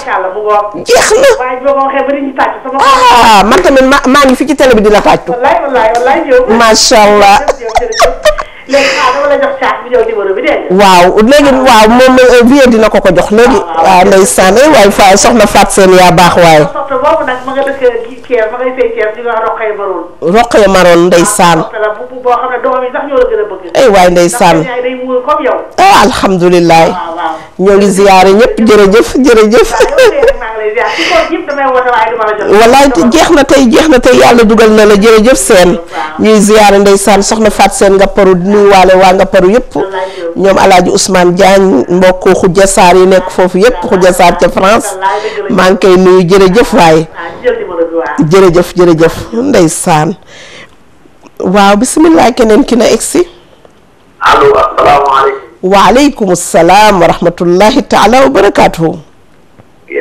jeex na ah man tamit maa ngi fi ci télé bi di la tàccu macha allah léegi ah dama la jox saako bi ñëw numéro bi dégg nga. waaw léegi waaw moom euh, vie dina ko ko jox léegi. Ah, waaw ndeysaan eh, waaye fa soxna Fat Seen yaa baax waaye. soxna boobu nag ma nga dëkk kii Thiel ma ngay Maroon. Roqe Maroon ndeysaan. Ah, eh, waay ndeysaan ndax day wóor eh, ah, ñoo ngi ziyaare ñëpp jërëjëf jërëjëf. wallaay jeex na tey jeex na tey yàlla dugal na la jërëjëf seen ñuy ziyaare ndeysaan soxna Fat Seen nga paru nuyuwaale waa nga paru yëpp ñoom alaaji Ousmane Diagne mbokk Khoudia Sarr yi nekk foofu yëpp Khoudia Sarr ca France maa ngi koy nuyu jërëjëf waaye jërëjëf jërëjëf ndeysaan waaw bisimilah keneen ki na egsi maa ngi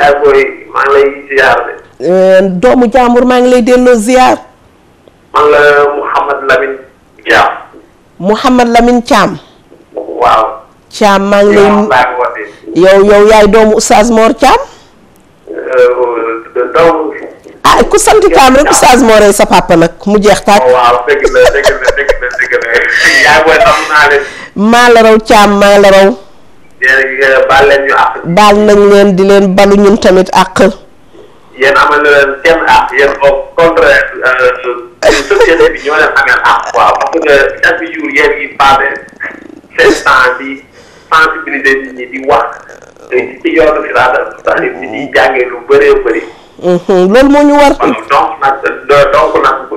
lay eh, doomu jaambur maa ngi lay delloo ziar Mouhamad Lamine Thiam. waaw. maa ngi lay. yow yow yaay doomu Oustaz Mor Thiam. Euh, ah ku sant Thiam rek Oustaz Mor sa papa nag mu jeex tàkk. xam naa leen. maa la raw Thiam maa la raw. Euh, baal nañ leen di leen balu ñun tamit àq. yéen amal na leen kenn ak yéen au contraire euh, société bi ñoo leen ameel ak waaw parce que chaque jour yéen yi passé lu bëree bëri. Mhm, moo ñu war. donc nag donc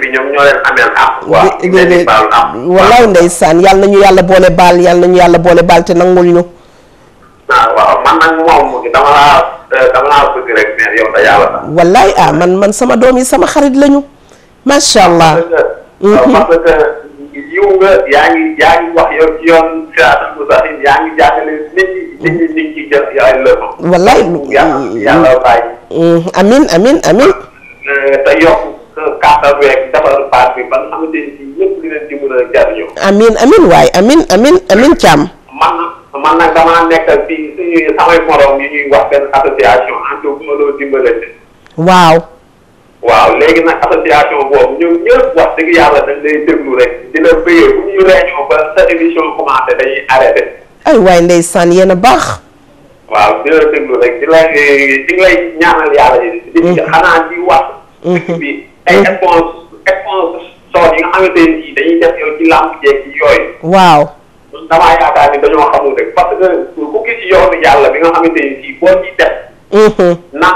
bi ñoom ñoo leen ameel ak. waaw ñu leen nañu yàlla boole baal yàlla nañu yàlla boole baal te nangul ñu. Ah, Euh, dama laa bëgg rek mais yow da yàlla tax. wallaay ah man man sama doom yi sama xarit lañu. macha allah mhm. parce que yiw nga yaa ngi yaa ngi wax yow ci yoon siraatal mustaqiim yaa ngi jàngale nit ñi nit ñi nit ñi jëf ay leçon. wallaay yàlla mhm. bàyyi. Mhm. amiin amiin amiin. Euh, te yokk kàttan weeg defar baat bi ba nga xamante ni ñëpp dinañ ci mën a jariñoo. amiin amiin waay amiin amiin amiin Thiam. man. man nag damaa nekkal fii suñuy samay morom yi ñuy wax benn association en tout bu ma doon dimbale waaw. waaw léegi nag association boobu ñoom ñëpp wax dëgg yàlla dañ lay déglu rek di la béyee bu ñu réunion ba sa émission commencé ay waay ndeysaan yéen a baax. waaw di la déglu rek di la di lay ñaanal yàlla yi. Mm-hmm. di xanaa di wax. Mm-hmm. bi ay mm-hmm. sponsor sponsor yi nga xamante ne dañuy def yow ci làmb jeeg yooyu. waaw. damaa yaakaar ni dañoo parce que ku yàlla bi nga xamante ni mm-hmm. mm-hmm. si boo ciy def. man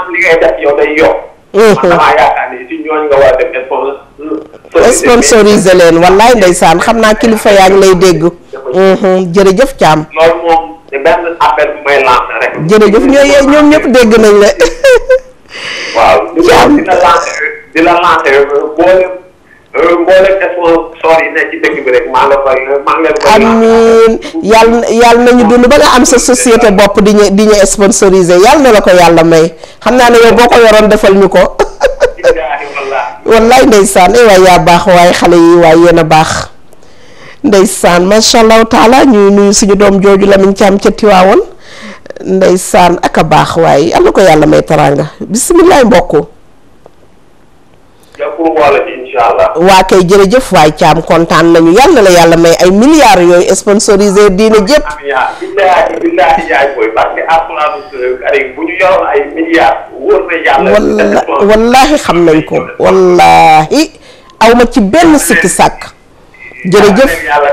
a def sponsor. Mm-hmm. leen wallaay ndeysaan xam naa kilifa yaa ngi lay dégg. jërëjëf Thiam. loolu moom benn appel bu ñoom ñëpp dégg nañ la. [LAUGHS] Euh, mboolem sponsor yi nekk ci yàlla nañu dund ba nga am sa société bopp di ñu di ñu sponsorisé yàlla na la ko yàlla may xam naa ne yow boo ko yoroon defal ñu ko. [LAUGHS] wallaay ndeysaan eh waay yaa baax waaye xale yi waaye yéen a baax. ndeysaan macha allahu taala ñuy nuyu suñu doom jooju Lamine Thiam ca Tiwaawoon ndeysaan ak a baax waaye yàlla ko yàlla may teraanga bisimilah mbokk. waa kay jërëjëf waay caam kontaan nañu yàlla la yàlla may ay milliards yooyu sponsorisé diine jëpp. wallaahi xam nañ ko wallaahi aw ci benn sikki sàkk. jërëjëf yàlla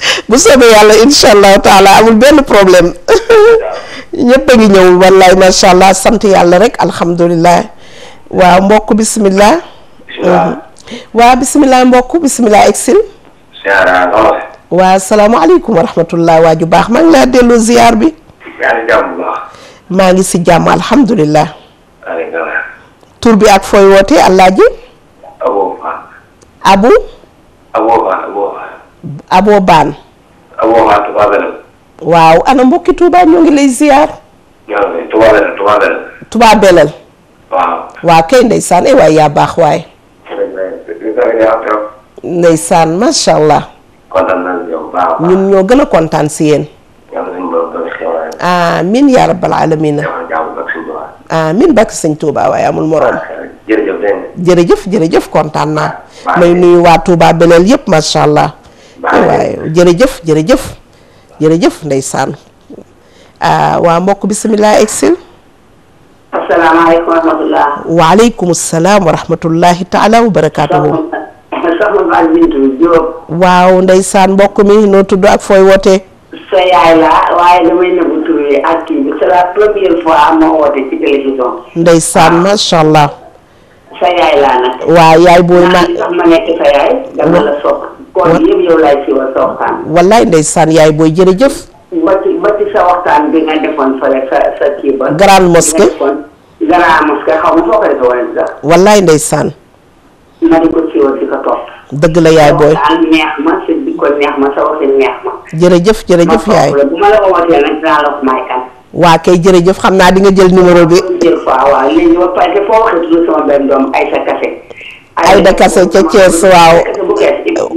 [LAUGHS] bu soobee yàlla incha allah taala amul benn problème [LAUGHS] ñëpp a ngi ñëw wallaay macha allah sant yàlla rek alhamdulilah waaw mbokk bisimilah. Mhm. waa bisimilah mbokk bisimilah Exil. waaw salaamaaleykum wa rahmatullah waa ju baax maa ngi laa dellu ziar bi. maa ngi si jàmm alhamdulilah. tur bi ak fooy wootee Alaaji. Abou. Abou. Abo Baan. Abo Baan Touba Belel. waaw ana mbokki Touba ñoo ngi lay ziar. ñoo ngi waaw. kay ndeysaan eh waay yaa baax waay. ndeysaan macha allah. ñun ñoo gën a kontaan si yéen. amin yaa rabbal alamin amin bakk sëñ Touba waaye amul moroom. jërëjëf jërëjëf kontaan naa. may nuyu waa Touba Belel yëpp allah. waaye jërëjëf jërëjëf jërëjëf ndeysaan ah, waa mbokk bisimilah Excel. asalaamaaleykum wa rahmatulah. mbokk mi noo tudd ak fooy bi ak kii bi c'est woote ci télévision. ndeysaan ah. macha allah. sa yaay booy ma. kon yëpp yow laay si wa wallaay ndeysaan yaay dëgg la yaay booy neex ma sa dikko neex ma sa waxi neex ma. jërëjëf jërëjëf yaay waa kay jërëjëf xam naa di jël numéro bi. jël waaw waaw léegi ba pare waaw.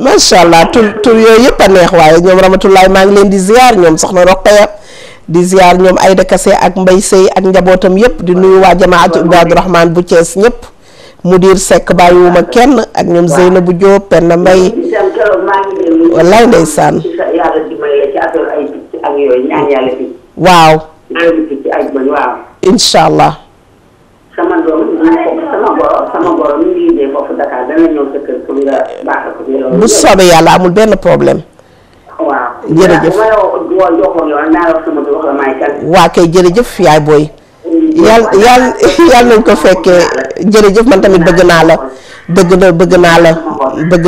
macha allah tur tur yooyu yëpp a neex waaye ñoom Ramatoulaye maa ngi leen di ñoom soxna Roqaya di ziar ñoom Ayda ak Mbay Sey ak njabootam yëpp di nuyu waa jamaatu Ibaadu Rahmaan bu Cees ñëpp Mudir Seck bàyyiwuma kenn ak ñoom Zeynabu Diop Penda Mbay wallaay ndeysaan waaw incha allah bu soobee yàlla amul benn problème. jërëjëf waa kay jërëjëf yaay booy. yàlla yàlla nañ ko fekkee jërëjëf man tamit bëgg naa la bëgg naa la bëgg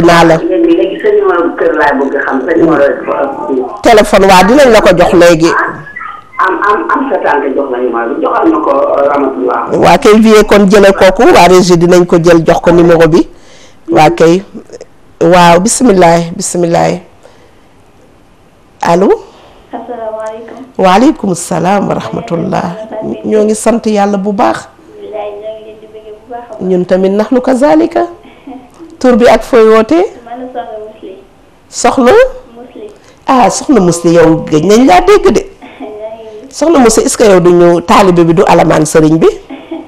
waa dinañ la ko jox léegi. Ah, waa kay vie kon jëlee kooku waa régie dinañ ko jël jox ko numéro bi. waa kay waaw bisimilah bisimilah allo. asalaamaaleykum. waaleykum salaam wa ñoo ngi sant yàlla bu baax. ñun tamit nax nu kazalika. [LAUGHS] tur bi ak fooy wootee. soxna. ah soxna musli yow gëj nañ laa dégg de. [LAUGHS] soxna musli est-ce duñu taalibe bi du alamaan sëriñ bi.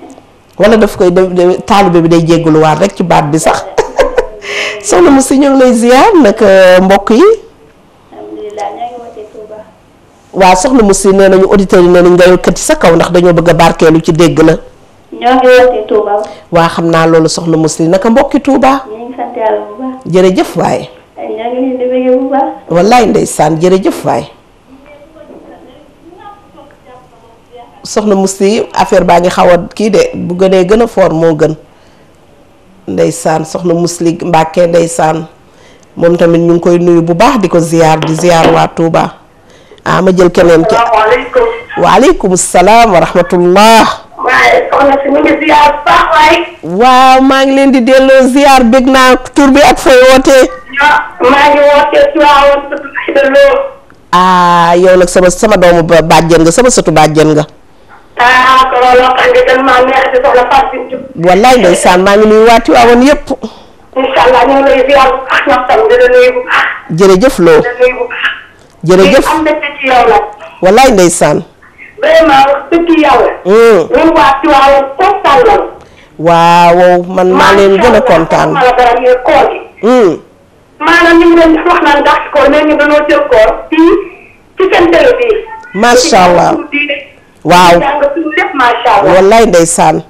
[LAUGHS] wala daf koy de taalibe bi day jégguluwaat rekk ci baat bi sax. soxna mu si ñu lay ziar nag euh, mbokk yi. waa ñoo ngi wootee Touba. waaw soxna mu si nee nañu auditeurs yi nee nañu nga yëkkati sa kaw ndax dañoo bëgg a barkeelu ci dégg la. waa xam naa loolu soxna mu si naka mbokki Touba. ñu ngi sant yàlla bu baax. jërëjëf waay. ñoo ngi soxna mu si affaire baa ngi xaw a kii de bu gënee gën a fort moo gën. ndeysaan soxna musli Mbàkke ndeysaan moom tamit ñu ngi koy nuyu bu baax di ko ziyaar di ziyaar waa Touba ah, jël keneen ci waaleykum salaam wa rahmatullah waaw maa ngi leen di delloo ziyaar bëgg naa tur bi ak fooy wootee maa ngi ah, yow nag sama sama doomu bàjjen nga sama sëtu bàjjen nga ah looloo xam ne maa ngi nuyu waati waawoon yëpp. incha loo di la nuyu bu baax. Hmm. waaw man maa leen gën a kontaan. Hmm. maa ngi waaw wallaay ndeysaan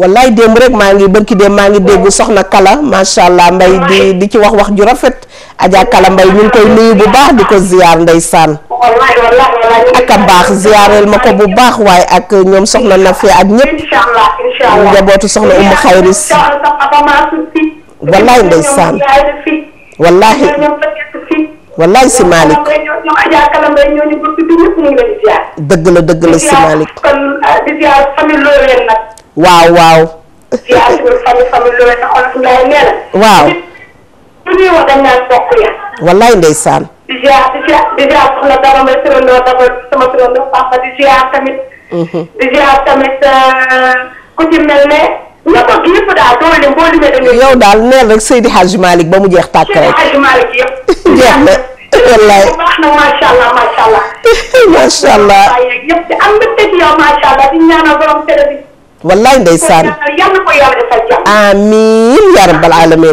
wallaay démb rek maa ngi bërki démb maa ngi dégg soxna Kala macha allah mbay di di ci wax wax ju rafet. Adja Kala mbay ñu koy nuyu bu baax di ko ziar ndeysaan. ak a baax ziareel ma ko bu baax waaye ak ñoom soxna Nafi ak ñëpp. incha allah incha soxna Umu Xayris. wallaay ndeysaan. wallaay. wallaay si Malick dëgg la dëgg la si Malick ah, waaw waaw waaw wallaay ndeysaan di ziar tamit ku ci mel ne ñëpp yëpp daal doo leen boo limee dañuy yow daal neel rek Seydi Hadj Malick ba mu jeex tàkk rek Seydi Hadj Malick yëpp [LAUGHS] jeex na wallaay bu [LAUGHS] baax na macha allah macha allah. [LAUGHS] macha allah waaye ah, allah di ñaanal borom télé bi. wallaay ndeysaan yàlla ko yàlla defal bi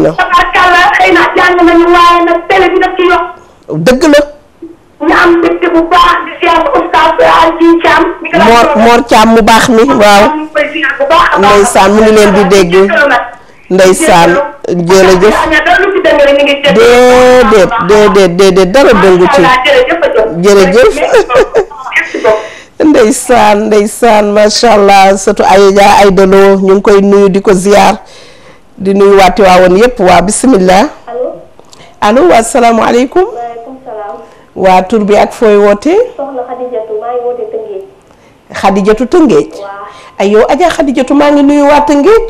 daf ndeysaan jërëjëf déedéet déedéet déedéet dara dëngu ci jërëjëf [LAUGHS] ndeysaan ndeysaan macha allah sëtu Ayja ay daloo ñu ngi koy nuyu di ko ziyaar di nuyu waati waa woon yépp waa bismillah allo waa salaamualeykum waa tur bi ak fooy woote Xadijatu Tëngéej ay yow Aja Xadijatu maa ngi nuyu waa Tëngéej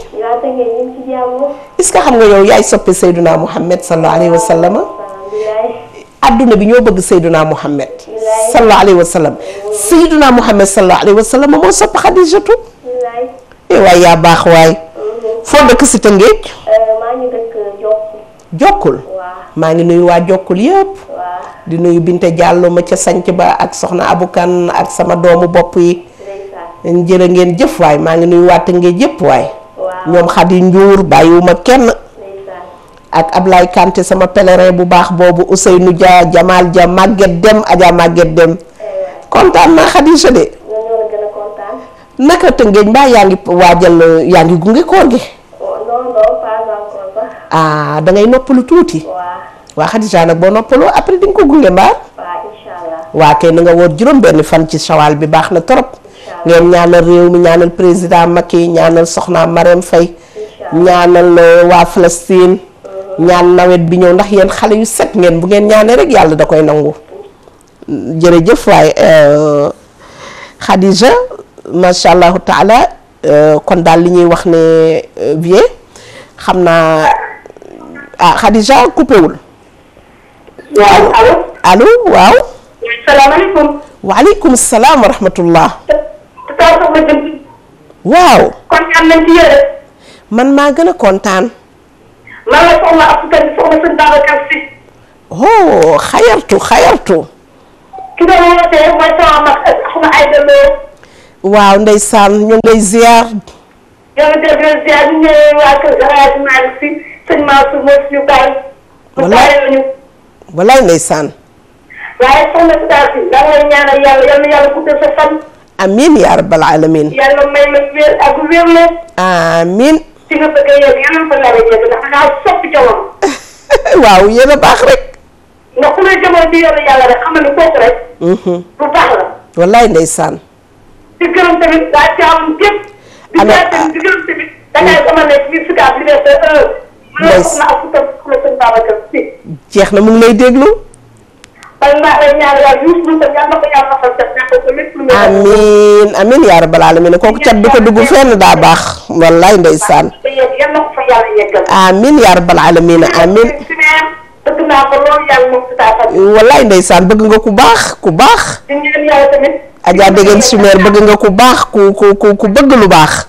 est que xam nga yow yaay soppe Seydouna Mouhamed sallallahu alayhi wa sallam. bi ñoo bëgg Seydouna Mouhamed. sallallahu alayhi wa sallam. Seydouna Mouhamed sallallahu alayhi moo sopp Xadijatu. eh waay yaa baax waay. foo dëkk si Tëngéej. maa ngi Jokkul. maa ngi nuyu waa Jokkul yëpp. di nuyu Binte Diallo ma ca sanc ba ak soxna Abukan ak sama doomu bopp yi. jërë ngeen jëf waay maa ngi nuyu waa Tëngéej yëpp waay. ñoom Xadi Njuur bàyyiwuma kenn ak Ablaye Kanté sama pèlerin bu baax boobu Ousseynou Dia Jamal Dia Maguette Dem Adja màgget Dem kontaan naa Khadija de naka Tëngéej mbaa yaa ngi waajal yaa ngi gunge koor gi ah noppalu tuuti waa Khadija nag boo noppaloo après di nga ko gunge mbaa waa kay na woor juróom benn fan ci sawaal bi baax na trop ngeen ñaanal réew mi ñaanal président Macky ñaanal waa Palestine ñaan nawet bi ñëw ndax yéen xale yu set ngeen bu ngeen ñaanee rek yàlla da koy nangu jërëjëf waaye euh, Khadija macha allahu taala euh, kon daal li ñuy wax ne bien euh, xam naa ah Khadija coupé wul. waaw allo allo waaw. salaamaaleykum. waaleykum salaam wa waaw kontaan nañ man maa gën a kontaan. lan la soxla ab tënk Si. oh xayartu xayartu. ki doon wootee mooy sama mag ak sama ay delloo. waaw ndeysaan lay ziar. yow de la ziar waa kër Alaaji Maalik Si sëñ Mansour mooy suñu bàyyi. walaay si daal si da ngay ñaanal yàlla yal na sa fan. amiin yaa rabbal aalamiin. yàlla may ma wér ak wér la. amiin. ci nga bëgg a yegg yàlla na fa nar a yegg ndax naa sopp jamono. [LAUGHS] waaw yéen a baax rek. ndax ku ne jamono di yore yàlla rek xamal ne kooku rek. bu mhm. baax la. wallaay ndeysaan. di gërëm tamit daa ci am gépp. di gërëm tamit di gërëm tamit. da ngay xamal ne fii si gàtt bi de. ndeysaan loolu foog naa ak ku tënk ku la seen Babacar si. jeex na mu ngi lay déglu. amiin amiin yaa rabbal aalamiin kooku cat ko dugg fenn daa baax wallaay ndeysaan amiin yaa rabbal aalamiin amiin wallaay ndeysaan bëgg ku baax ku baax Adja Degen Chimère bëgg nga ku baax ku ku lu baax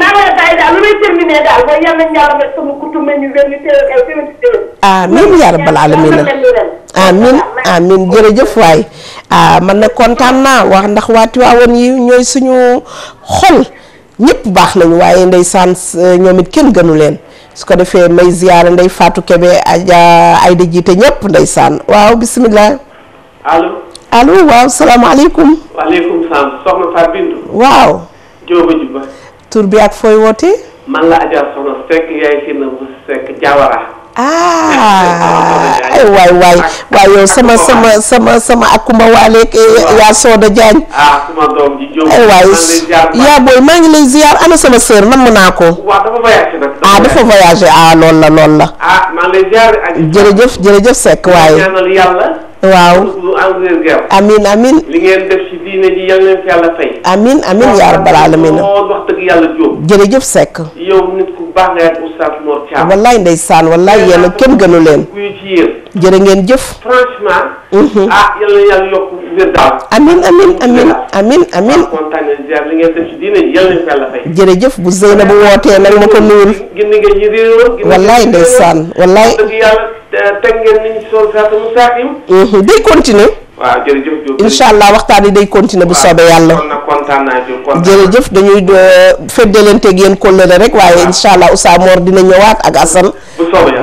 maa a teew amiin yaa rabbal aalamiina amiin amiin jërëjëf waay ah, man nag kontaan naa wax ndax waa Tiwaawan yi ñooy suñu xol ñëpp baax nañu waaye ndeysaan eh, ñoom it kenn gënu leen su ko defee may ziyaara ndey Fatou Kebe Adja Ayda jiite ñëpp ndeysaan waaw bisimilah. allo waaw salaamaaleykum. waaleykum waaw. tur bi ak fooy woote. man la Adja Soxna Seck yaay si na bu Seck Diawara. ah ay waay waay waay yow yaa booy maa ngi lay ziar ana sama sœur namm naa ko. waaw dafa voyagé nag. ah dafa voyagé ah lool la lool la. ah maa ngi lay ziar. jërëjëf waaye. waaw amin amin yàlla fay amin amin yaa rabbal alamin wax dëgg yàlla Diop jërëjëf Seck yow wallaay ndeysaan kenn gënu leen kuy ngeen jëf amin amin amin amin amin kontaan bu Zeyna bu wootee nag ma ko nuyul gindi ngeen ñi wallaay teg mhm, day continuer. waaw waxtaan yi day continuer bu soobee yàlla. kon nag dañuy euh, feddalanteeg yéen kóllëre rek waaye incha allah Oussa Mor dina ñëwaat ak Assane.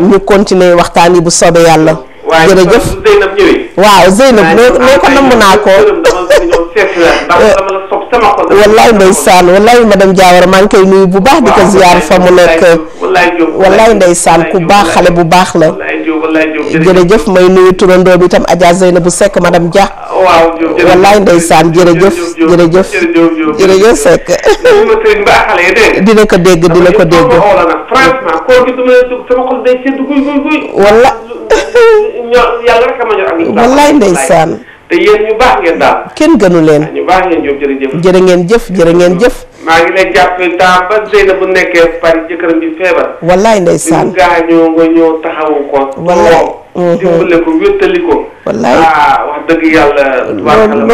ñu continuer waxtaan yi bu soobee yàlla. jërëjëf waaye waaw Zeynab nee ko namm naa ko. Euh, wallaay ndeysaan wallaay madame Diawara maa ngi koy nuyu bu baax di ko ziyaar fa mu nekk wallaay ndeysaan ku baax xale bu baax la jërëjëf may nuyu turandoo bi itam Adja bu sekk madame Dia ah, waaw wallaay ndeysaan jërëjëf jërëjëf jërëjëf Seck dina ko dégg dina ko dégg walla [LAUGHS] wallaay ndeysaan te yéen kenn gënu leen ñu baax ngeen jëf jërë ngeen jëf maa ngi lay jàppale bu nekkee Paris jëkkëram feebar. wallaay ndeysaan li gaañoo wallaay mm-hmm. ah, yàlla.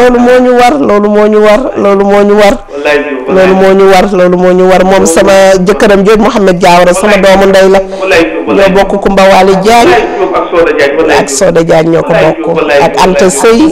loolu moo ñu war loolu moo ñu war loolu moo ñu war. loolu moo ñu war moo ñu war moom sama jëkkëram jooju Mouhamed Diawara sama doomu ndey la. ñoo bokk Kumba Waly ak Soda Diagne ñoo ko bokk. ak Anta Seye.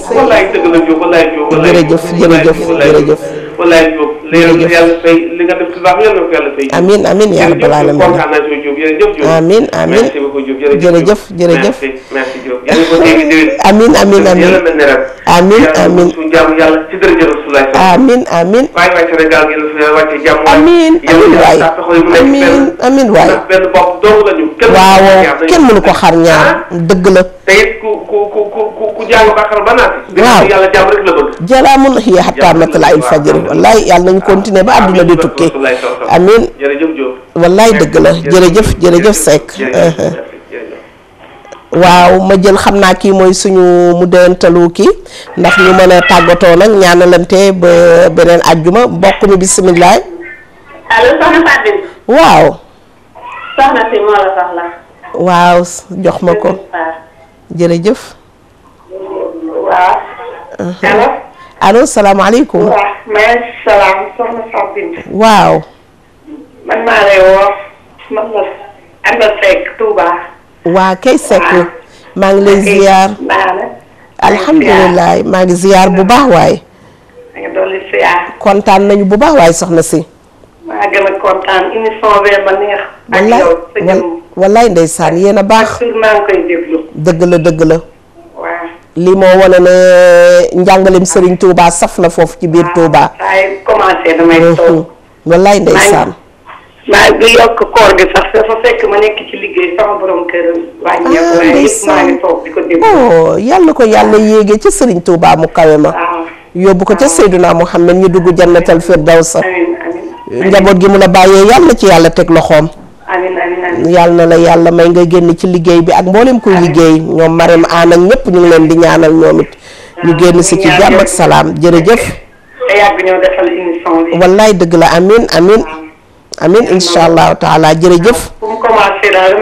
jërëjëf jërëjëf jërëjëf. walaay Diop. jërëjëf yàlla fay li nga def ci baax yàlla na ko yàlla fay. amiin amiin yaa rabbal aalamiin kontaan naa ci Diop jërëjëf Diop. amiin amiin merci beaucoup Diop jërëjëf jërëjëf. merci merci Diop yàlla ko dégg déwén. amiin amiin amiin yàlla mel ne rek. amiin amiin suñu jàmm yàlla ci dërëjëf Rasulaay. amiin amiin. waay waay Sénégal ngeen fi wàcce jàmm. amiin amiin waay amiin amiin waay. ndax benn bopp dong la ñu. waaw kenn mënu ko xar ñaar ah? dëgg la. te it ku ku ku ku ku jàng baaxal ba naati. waaw yàlla jàmm rek la bëgg. jalaamun hiya hattaa matla'il fajr wallaay yàlla nañ continuer ba ah, àdduna di tukki amin wallaay dëgg la jërëjëf jërëjëf Seck waaw ma jël xam naa kii mooy suñu mu déntalu kii ndax ñu mën a tàggatoo nag ñaanalante ba beneen àjjuma mbokk mi bisimilah. waaw. la soxla. jox ma ko. jërëjëf. waaw. allo salaamaaleykum. waaw salaam soxna waaw. waa kay Seck. maa ngi lay ziar. alhamdulilah maa ngi bu baax waay. kontaan nañu bu baax waay soxna si. maa sa ndeysaan yéen a baax. dëgg la dëgg la. li moo wane ne njàngaleem Serigne Touba saf na foofu ci biir Touba. ay ah, commencé damay mhm. toog. wallaay ndeysaan. maa ngi ci liggéey sama borom kër. Ah, ko déglu. oh yàlla ko yàlla ah. yéegee ca Serigne Touba mu kawe ma. yóbbu ko ca Seydouna Mouhamed ñu dugg jannatal firdawsa. amiin amiin njaboot gi mu la bàyyee yàlla ci yàlla teg loxoom. amiin na la yàlla may nga génn ci liggéey bi ak mboolem kuy liggéey ñoom Marème Anne ak ñu leen di ñaanal ñoom it. ñu génn si ci jàmm ak salaam jërëjëf. te wallaay dëgg la amiin amiin. amiin incha allahu taala jërëjëf. bu mu commencé daal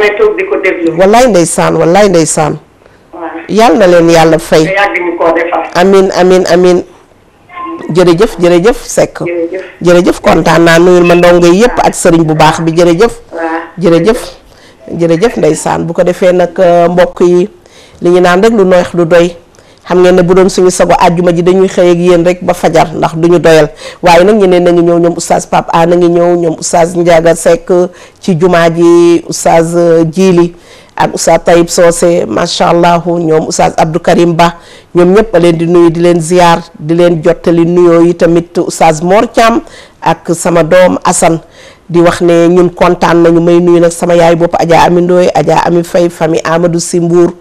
wallaay ndeysaan wallaay yàlla leen yàlla fay. te yàgg ñu koo defal. amiin amiin amiin. jërëjëf jërëjëf Seck. kontaan naa nuyul ma ndongo yépp ak sëriñ bu baax bi jërëjëf. jërëjëf jërëjëf ndeysaan bu ko defee nag euh, mbokk yi li ñu naan rek lu neex lu doy xam ngeen ne bu doon suñu sago àjjuma ji dañuy xëy ak yéen rek ba fajar ndax duñu doyal waaye nag ñeneen na ngi ñëw ñoom oustaz Pape A na ngi ñëw ñoom oustaz Ndiaga Seck ci jumaa ji oustaz euh, Jili ak oustaz Tayib Socé macha allah ñoom oustaz Abdou Karim Ba ñoom ñëpp a leen di nuyu di leen ziar di leen jottali nuyoo yi tamit oustaz Mor ak sama doom Assane. di wax ne ñun kontaan nañu may nuyu nag sama yaay bopp Adja Ami Ndoye Adja Ami Faye famille Amadou Sy Mbour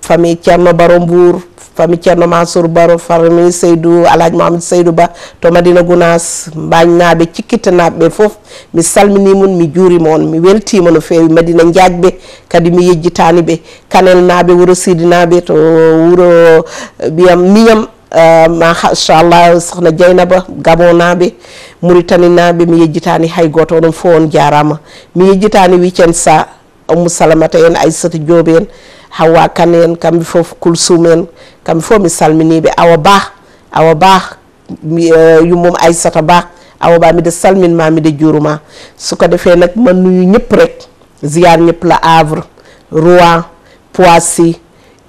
famille Thierno Baro Mbour famille Thierno Mansour Baro famille Seydou Alhaj Mohamed Seydou Ba to Madina Gounas mbañnaɓe cikkittanaɓeɓe foof mi salminimon mi juurima on mi weltima no feewi Madina Diaƴɓe kadi mi yejjitani ɓe Kanel naɓe Wuro Sidi naɓe to wuuro mbiyam Miyam Euh, masha allah sohna dieynaba gabon naɓe mouritani naɓe mi yejjitani hay goto onon fof on jarama mi yejjitani wicen sa oumou salamata en aissata dioɓe en hawa kane en kamɓe foof kulsum en kamɓe fof mi salminiɓe awa ba awa ba euh, yummum aissata ba awa ba miɗe salminma miɗe juruma suko defe nag man nuyu ñëpp rek ziyar ñëpp la havre rouen poissy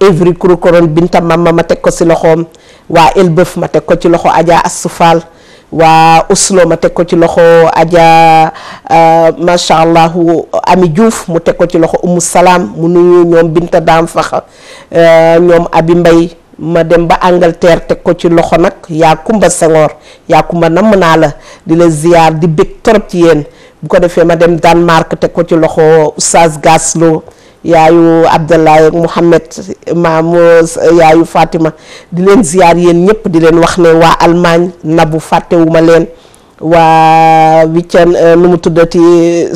évry kourokoron binta mamma ma teg ko si loxoom waa Elbeuf ma teg ko ci loxo Adja Assou waa Oslo ma teg ko ci loxo Adja euh, macha allah Ami Diouf mu teg ko ci loxo Umu Salaam mu nuyu ñoom Binta Daam Faxa euh, ñoom Abi Mbay ma dem ba Angleterre teg ko ci loxo nag yaa Kumba Senghor yaa Kumba namm naa la di la ziyaar di bég torop ci yéen bu ko defee ma dem Danemark teg ko ci loxo Oustaz Gaslo yaayu Abdallah ak Mouhamed maam yaayu Fatima di leen ziyaar yéen ñëpp di leen wax ne waa Allemagne nabu fàttewuma leen waa wiccan euh, nu mu tuddati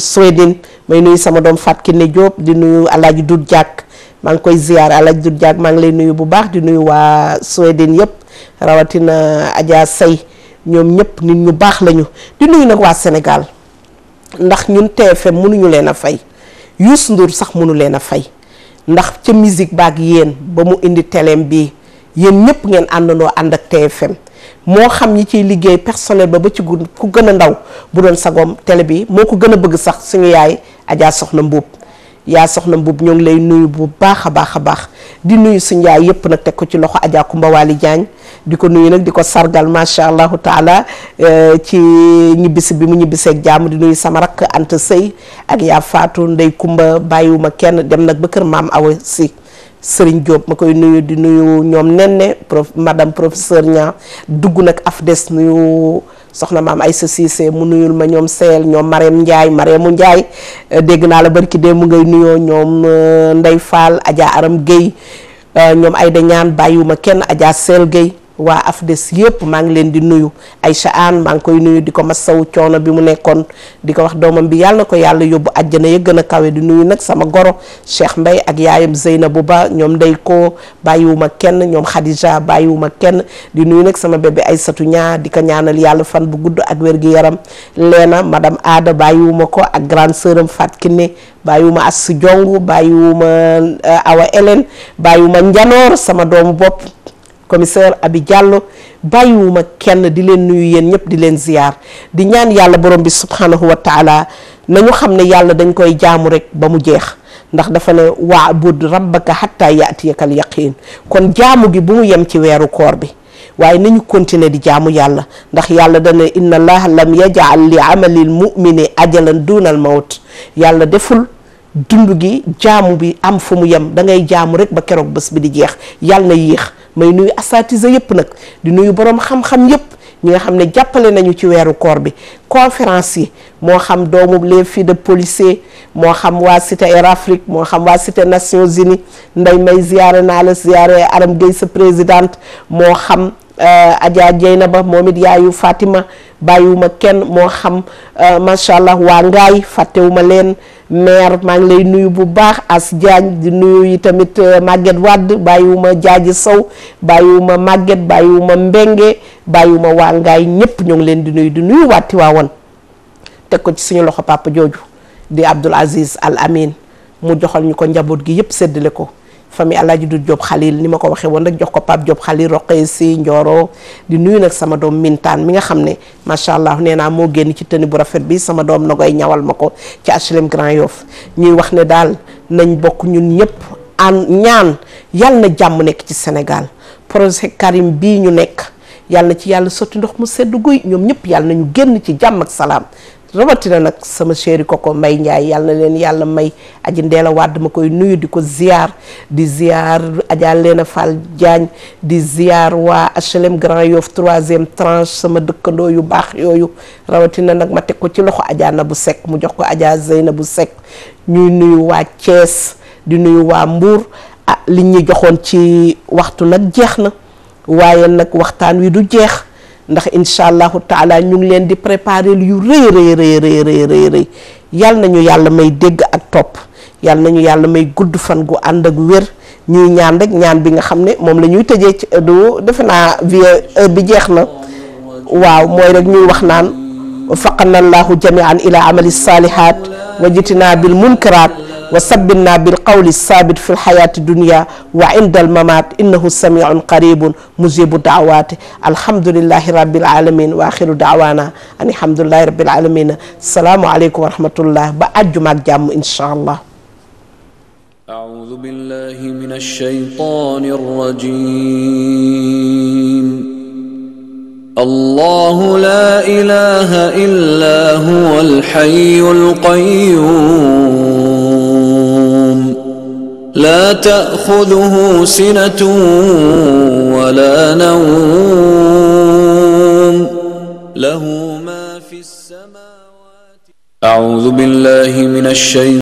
Sweden may nuyu sama doom ki ne Diop di nuyu Alaaji Dut Diack maa ngi koy ziyaar Alaaji Dut Diack maa ngi lay nuyu bu baax di nuyu waa Sweden yëpp rawatina Adja Sey ñoom ñëpp nit ñu baax lañu di nuyu nag waa Sénégal ndax ñun TFM mënuñu leen a fay Youssou Ndour sax mënu leen a fay ndax ca musique baak yeen ba mu indi teleem bi yéen ñëpp ngeen àndandoo ànd ak TFM moo xam ñi ciy liggéey personnel ba ba ci ku gën a ndaw bu doon sagoom télé bi moo ko gën a bëgg sax suñu yaay ajaa Soxna mbubb yaa soxna mbub ñoo ngi lay nuyu bu baax a baax a baax di nuyu suñu yaay yëpp nag teg ko ci loxo Adja Kumba Waly Diagne di ko nuyu nag di ko sargal macha allahu taala eh, ci ñibbisi bi mu ñibbiseeg jàmm di nuyu sama rakk ant Sëy ak yaa Faatu Ndey Kumba bàyyiwuma kenn dem nag ba kër maam Awa Si Sëriñ Diop ma koy nuyu di nuyu ñoom nen ne prof madame professeur ña dugg nag af des nuyu. soxna maam Aysa Cissé mu nuyul ma ñoom seel ñoom Marème Ndiaye Marème Ndiaye euh, dégg naa la barki dee mu ngay nuyoo ñoom euh, Ndey Fall Adja Aram Guèye euh, ñoom Ayda Ñaan bàyyiwuma kenn Adja Seel Guèye waa des yëpp maa ngi leen di nuyu ay Anne maa ngi koy nuyu di ko ma masawu coono bi mu nekkoon di ko wax doomam bi yàlla ko yàlla yóbbu àjjana ya gën a kawe di nuyu nag sama goro Cheikh Mbaye ak yaayam bu Ba ñoom day koo bàyyiwuma kenn ñoom Khadija bàyyiwuma kenn di nuyu nag sama bébé Aïssatou ñaa di ko ñaanal yàlla fan bu gudd ak wér gi yaram leena madame Ada bàyyiwuma ko ak grande sœur am Fat Kiné bàyyiwuma Assu Jongu bàyyiwuma euh, Awa Hélène bàyyiwuma Njanoor sama doomu bopp commissaire Abi Diallo bàyyiwuma kenn di leen nuyu yéen ñëpp di leen ziyaar di ñaan yàlla borom bi subhanahu wa na nañu xam ne yàlla dañ koy jaamu rek ba mu jeex ndax dafa ne waabud rabbaka hatta yaatiyakal yaqin kon jaamu gi bu mu yem ci weeru koor bi waaye nañu continuer di jaamu yàlla ndax yàlla dana inna allaha lam yajal li amalil mumini ajalan dunal mawt yàlla deful dund gi jaamu bi am fu mu yem da ngay jaamu rek ba keroog bés bi di jeex yàlla na yéex may nuyu asatise yëpp nag di nuyu borom xam-xam yëpp ñi nga xam ne jàppale nañu ci weeru koor bi conférence yi moo xam doomu les fi de policier moo xam waa cité Air Afrique moo xam waa cité Nations Unies nday may ziyaare naa la ziyaare aram Gueye sa présidente moo xam Euh, Adja Dieynaba moom it yaayu Fatima bàyyiwuma kenn moo xam euh, macha allah waa Ngaay fàttewuma leen maire maa ngi lay nuyu bu baax as Diagne di nuyu yi tamit euh, Maguette Wade bàyyiwuma Diadji Sow bàyyiwuma Maguette bàyyiwuma Mbengue bàyyiwuma waa Ngaay ñëpp ñoo ngi leen di nuyu di nuyu waati waa woon teg ko ci suñu loxo papa jooju di Abdoul Aziz Al Amin mu joxal ñu ko njaboot gi yëpp séddale ko. famille Alaaji du Diop Khalil ni ma ko waxee woon rek jox ko Pape Diop Khalil roqee si Njoro di nuyu nag sama doom Mintaan mi nga xam ne macha allah nee naa moo génn ci tëni bu rafet bi sama doom na koy ñawal ma ko ci HLM Grand Yoff ñuy wax ne daal nañ bokk ñun ñëpp an ñaan yal na jàmm nekk ci Sénégal projet Karim bii ñu nekk yal na ci yàlla sotti ndox mu sedd guy ñoom ñëpp yàlla na ñu génn ci jàmm ak salaam rawatina nag sama chéri koko Mbaye Ndiaye yàlla na leen yàlla may aji ndeela Wade dama koy nuyu di ko ziar di ziar Adja Leena Fall Diagne di ziar waa HLM Grand Yoff troisième tranche sama dëkkandoo yu baax yooyu rawatina nag ma teg ko ci loxo Adja bu Seck mu jox ko Adja bu Seck ñuy nuyu waa Thiès di nuyu waa Mbour ah li ñu joxoon ci waxtu nag jeex na waaye nag waxtaan wi du jeex ndax incha allahu taala ñu ngi leen di préparer yu rëy rëy rëy rëy rëy rëy yal nañu yàlla may dégg ak topp yal nañu yàlla may gudd fan gu ànd ak wér ñuy ñaan rek ñaan bi nga xam ne moom la ñuy tëjee ci du defe naa vie bi jeex na waaw mooy rek ñuy wax naan. وفقنا الله جميعا إلى عمل الصالحات وجتنا بالمنكرات وسبنا بالقول الثابت في الحياة الدنيا وعند الممات إنه سميع قريب مجيب الدعوات الحمد لله رب العالمين وآخر دعوانا أن الحمد لله رب العالمين السلام عليكم ورحمة الله بأجمع جام إن شاء الله أعوذ بالله من الشيطان الرجيم الله لا إله إلا هو الحي القيوم لا تأخذه سنة ولا نوم له ما في السماوات أعوذ بالله من الشيطان